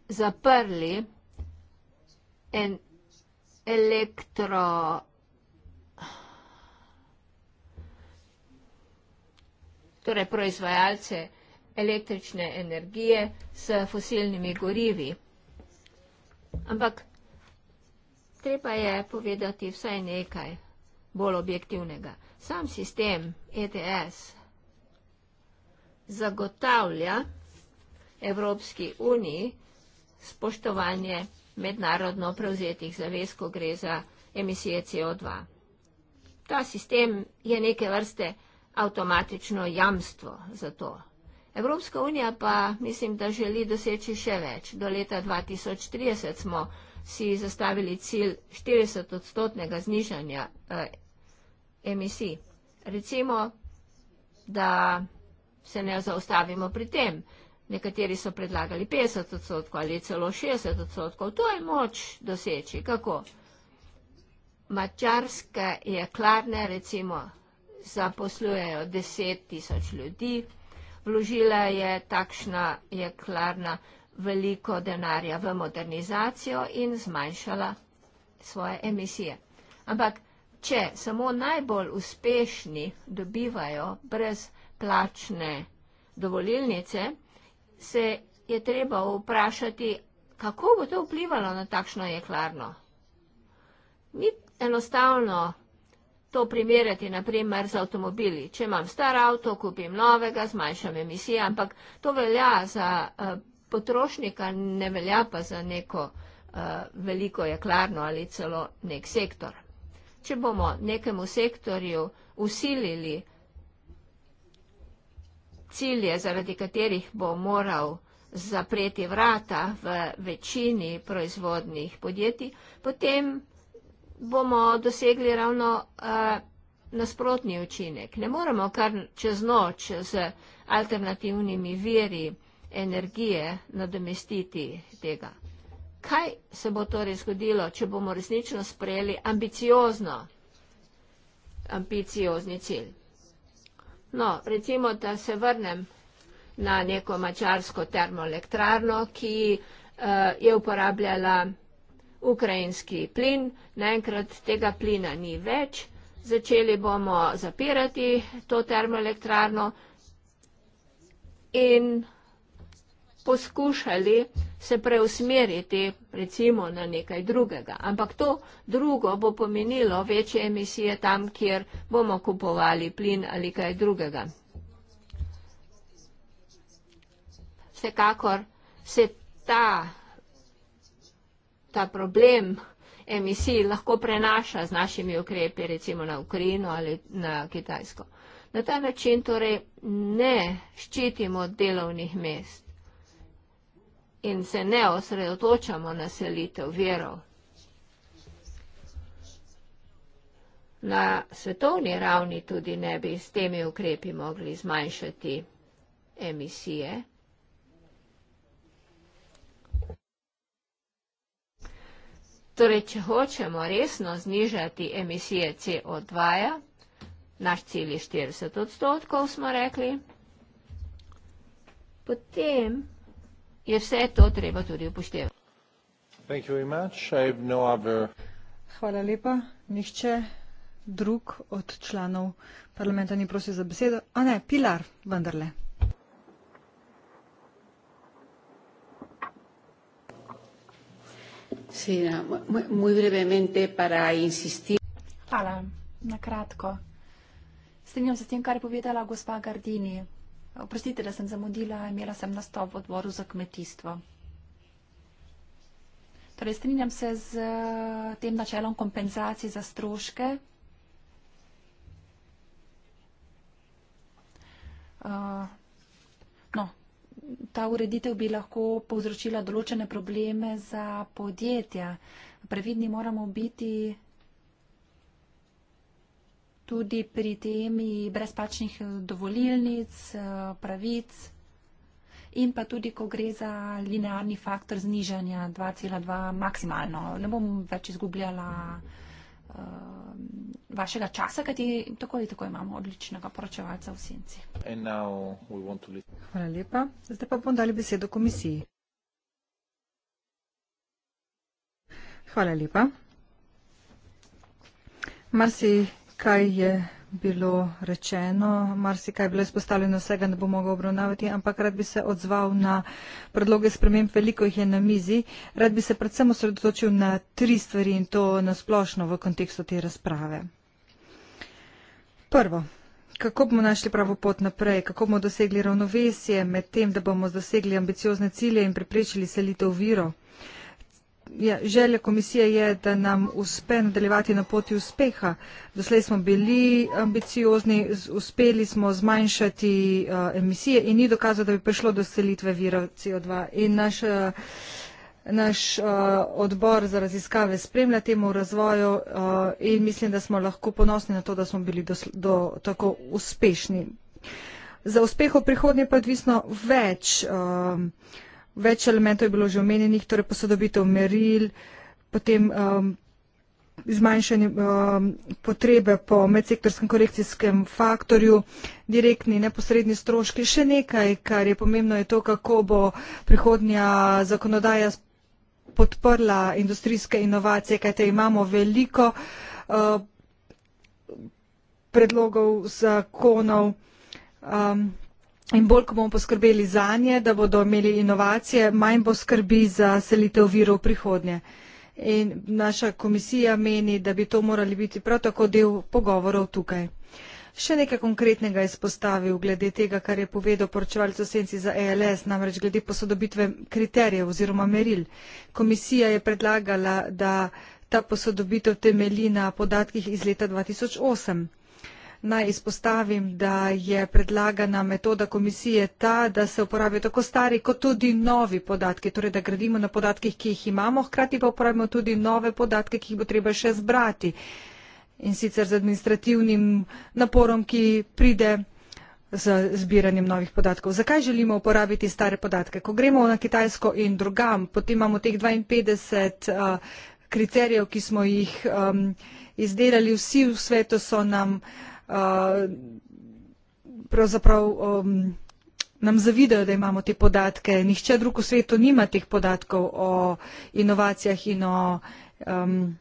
[SPEAKER 4] zaprli en elektro torej proizvajalce električne energije s fosilnimi gorivi. Ampak treba je povedati vsaj nekaj bolj objektivnega. Sam sistem ETS zagotavlja Evropski uniji spoštovanje mednarodno prevzetih zavez, ko gre za emisije CO2. Ta sistem je neke vrste avtomatično jamstvo za to. Evropska unija pa mislim, da želi doseči še več. Do leta 2030 smo si zastavili cilj 40-odstotnega znižanja eh, emisij. Recimo, da se ne zaustavimo pri tem. Nekateri so predlagali 50 odstotkov ali celo 60 odstotkov. To je moč doseči. Kako? Mačarske jeklarne recimo zaposlujejo 10 tisoč ljudi. Vložila je takšna jeklarna veliko denarja v modernizacijo in zmanjšala svoje emisije. Ampak, če samo najbolj uspešni dobivajo brez plačne dovolilnice, se je treba vprašati, kako bo to vplivalo na takšno jeklarno. Ni enostavno to primerjati, naprimer, z avtomobili. Če imam star avto, kupim novega, zmanjšam emisije, ampak to velja za uh, potrošnika ne velja pa za neko uh, veliko jeklarno ali celo nek sektor. Če bomo nekemu sektorju usilili cilje, zaradi katerih bo moral zapreti vrata v večini proizvodnih podjetij, potem bomo dosegli ravno uh, nasprotni učinek. Ne moremo kar čez noč z alternativnimi viri uh, energije nadomestiti tega. Kaj se bo torej zgodilo, če bomo resnično sprejeli ambiciozno, ambiciozni cilj? No, recimo, da se vrnem na neko mačarsko termoelektrarno, ki uh, je uporabljala ukrajinski plin, naenkrat tega plina ni več, začeli bomo zapirati to termoelektrarno in poskušali se preusmeriti recimo na nekaj drugega. Ampak to drugo bo pomenilo večje emisije tam, kjer bomo kupovali plin ali kaj drugega. Vsekakor se ta, ta problem emisij lahko prenaša z našimi ukrepi recimo na Ukrajino ali na Kitajsko. Na ta način torej ne ščitimo delovnih mest in se ne osredotočamo na selitev verov. Na svetovni ravni tudi ne bi s temi ukrepi mogli zmanjšati emisije. Torej, če hočemo resno znižati emisije CO2, naš cilj je 40 odstotkov, smo rekli, potem je vse to treba tudi upoštevati.
[SPEAKER 1] No other...
[SPEAKER 4] Hvala lepa. Nihče drug
[SPEAKER 2] od članov parlamenta ni prosil za besedo. A ne, Pilar, vendarle.
[SPEAKER 4] No,
[SPEAKER 3] Hvala. Na kratko. Strinjam se s tem, kar je povedala gospa Gardini. Oprostite, da sem zamudila, imela sem nastop v odboru za kmetijstvo. Torej, strinjam se z eh, tem načelom kompenzacije za stroške. Uh, no, ta ureditev bi lahko povzročila določene probleme za podjetja. Previdni moramo biti tudi pri temi brezplačnih dovolilnic, eh, pravic in pa tudi, ko gre za linearni faktor znižanja 2,2 maksimalno. Ne bom več izgubljala uh, vašega časa, kajti tako ali tako imamo odličnega poročevalca v senci.
[SPEAKER 2] Hvala lepa. Zdaj pa bom dali besedo komisiji. Hvala lepa. Marsi marsikaj je bilo rečeno, marsikaj je bilo izpostavljeno, vsega ne bom mogel obravnavati, ampak rad bi se odzval na predloge sprememb, veliko jih je na mizi. Rad bi se predvsem osredotočil na tri stvari in to na splošno v kontekstu te razprave. Prvo. Kako bomo našli pravo pot naprej, kako bomo dosegli ravnovesje med tem, da bomo dosegli ambiciozne cilje in preprečili selitev virov? Ja, želja komisije je, da nam uspe nadaljevati na poti uspeha. Doslej smo bili ambiciozni, uspeli smo zmanjšati uh, emisije in ni dokaza, da bi prišlo do selitve vira CO2. In naš, uh, naš uh, odbor za raziskave spremlja temu razvoju uh, in mislim, da smo lahko ponosni na to, da smo bili do, do, tako uspešni. Za uspeh v prihodnje pa je odvisno več. Uh, Več elementov je bilo že omenjenih, torej posodobitev meril, potem um, zmanjšanje um, potrebe po medsektorskem korekcijskem faktorju, direktni, neposredni stroški. Še nekaj, kar je pomembno, je to, kako bo prihodnja zakonodaja podprla industrijske inovacije, kajte imamo veliko uh, predlogov zakonov. Um, In bolj, ko bomo poskrbeli za nje, da bodo imeli inovacije, manj bo skrbi za selitev virov v prihodnje. In naša komisija meni, da bi to morali biti prav tako del pogovorov tukaj. Še nekaj konkretnega izpostavil glede tega, kar je povedal poročevalec o senci za ELS, namreč glede posodobitve kriterijev oziroma meril. Komisija je predlagala, da ta posodobitev temelji na podatkih iz leta 2008. Naj izpostavim, da je predlagana metoda komisije ta, da se uporabijo tako stari kot tudi novi podatki, torej da gradimo na podatkih, ki jih imamo, hkrati pa uporabimo tudi nove podatke, ki jih bo treba še zbrati in sicer z administrativnim naporom, ki pride z zbiranjem novih podatkov. Zakaj želimo uporabiti stare podatke? Ko gremo na Kitajsko in drugam, potem imamo teh 52 uh, eh, kriterijev, ki smo jih um, izdelali, vsi v svetu so nam uh, pravzaprav um, nam zavidajo, da imamo te podatke. Nihče drug v svetu nima teh podatkov o inovacijah in o um,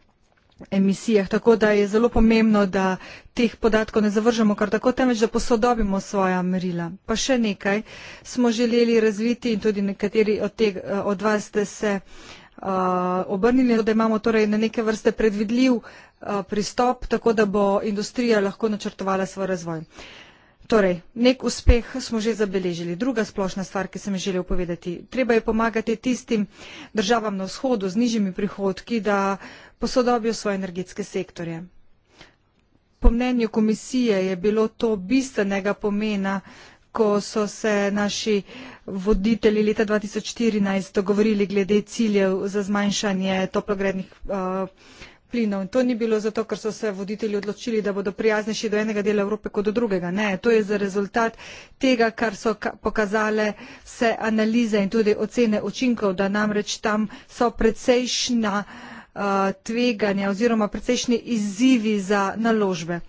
[SPEAKER 2] emisijah. Tako da je zelo pomembno, da teh podatkov ne zavržemo kar tako, temveč da posodobimo svoja merila. Pa še nekaj smo želeli razviti in tudi nekateri od, teg, eh, od vas ste se uh, obrnili, da imamo torej na neke vrste predvidljiv uh, Eh, pristop, tako da bo industrija lahko načrtovala svoj razvoj. Torej, nek uspeh smo že zabeležili. Druga splošna stvar, ki sem želel povedati. Treba je pomagati tistim državam na vzhodu z nižjimi prihodki, da posodobijo svoje energetske sektorje. Po mnenju komisije je bilo to bistvenega pomena, ko so se naši voditelji leta 2014 dogovorili glede ciljev za zmanjšanje toplogrednih uh, plinov. In to ni bilo zato, ker so se voditelji odločili, da bodo prijaznejši do enega dela Evrope kot do drugega. Ne, to je za rezultat tega, kar so pokazale se analize in tudi ocene učinkov, da namreč tam so precejšna. Eh, tveganja oziroma precejšnji izzivi za naložbe.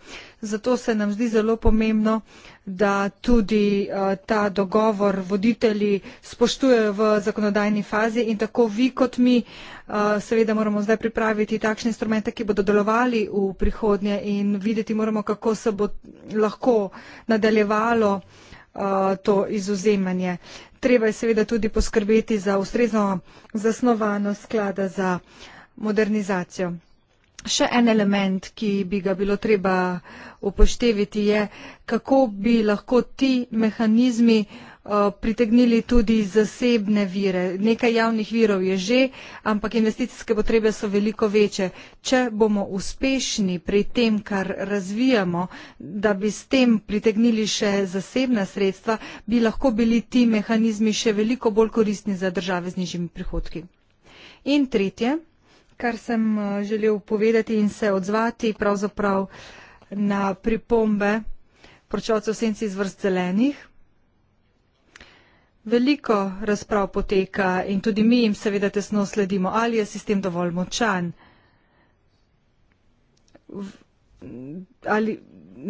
[SPEAKER 2] Zato se nam zdi zelo pomembno, da tudi eh, ta dogovor voditelji spoštujejo v zakonodajni fazi in tako vi kot mi eh, seveda moramo zdaj pripraviti takšne instrumente, ki bodo delovali v prihodnje in videti moramo, kako se bo lahko nadaljevalo to izuzemanje. Treba je seveda tudi poskrbeti za ustrezno zasnovano sklada za vsega modernizacijo. Še en element, ki bi ga bilo treba upoštevati, je, kako bi lahko ti mehanizmi eh, pritegnili tudi zasebne vire. Nekaj javnih virov je že, ampak investicijske potrebe so veliko večje. Če bomo uspešni pri tem, kar razvijamo, da bi s tem pritegnili še zasebna sredstva, bi lahko bili ti mehanizmi še veliko bolj koristni za države z nižjimi prihodki. In tretje kar sem eh, želel povedati in se odzvati pravzaprav na pripombe pročevalcev senci iz vrst zelenih. Veliko razprav poteka in tudi mi jim seveda tesno sledimo, ali je sistem dovolj močan. Ali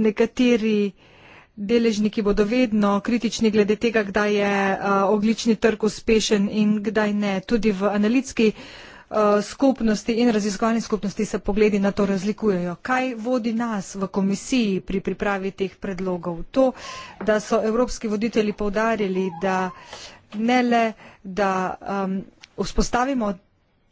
[SPEAKER 2] nekateri deležniki bodo vedno kritični glede tega, kdaj je uh, oglični trg uspešen in kdaj ne. Tudi v analitski uh, Eh, skupnosti in raziskovalni skupnosti se pogledi na to razlikujejo. Kaj vodi nas v komisiji pri pripravi teh predlogov? To, da so evropski voditelji povdarili, da ne le, da um, vzpostavimo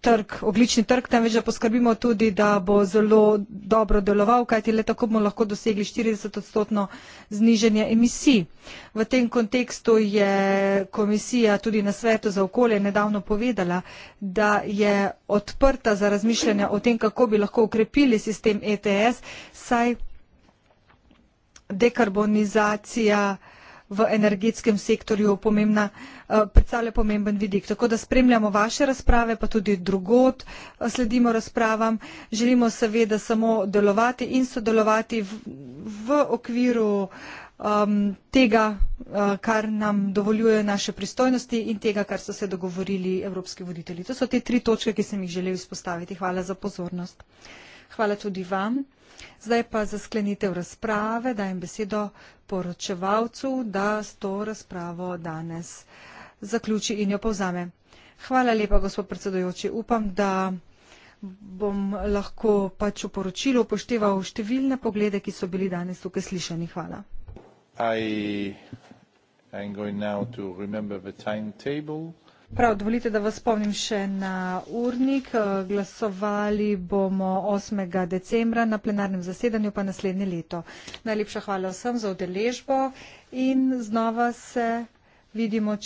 [SPEAKER 2] trg, oglični trg, temveč da poskrbimo tudi, da bo zelo dobro deloval, kajti le tako bomo lahko dosegli 40 odstotno zniženje emisij. V tem kontekstu je komisija tudi na svetu za okolje nedavno povedala, da je odprta za razmišljanje o tem, kako bi lahko ukrepili sistem ETS, saj dekarbonizacija v energetskem sektorju pomembna, eh, predstavlja pomemben vidik. Tako da spremljamo vaše razprave, pa tudi drugot eh, sledimo razpravam. Želimo seveda samo delovati in sodelovati v, v okviru um, tega, eh, kar nam dovoljuje naše pristojnosti in tega, kar so se dogovorili evropski voditelji. To so te tri točke, ki sem jih želel izpostaviti. Hvala za pozornost. Hvala tudi vam. Zdaj pa za sklenitev razprave dajem besedo poročevalcu, da s to razpravo danes zaključi in jo povzame. Hvala lepa, gospod predsedojoči. Upam, da bom lahko pač v poročilu upošteval številne poglede, ki so bili danes tukaj slišeni. Hvala.
[SPEAKER 1] I am going now to remember the timetable.
[SPEAKER 2] Prav, dovolite, da vas spomnim še na urnik. Eh, glasovali bomo 8. decembra na plenarnem zasedanju, pa naslednje leto. Najlepša hvala vsem za udeležbo in znova se vidimo.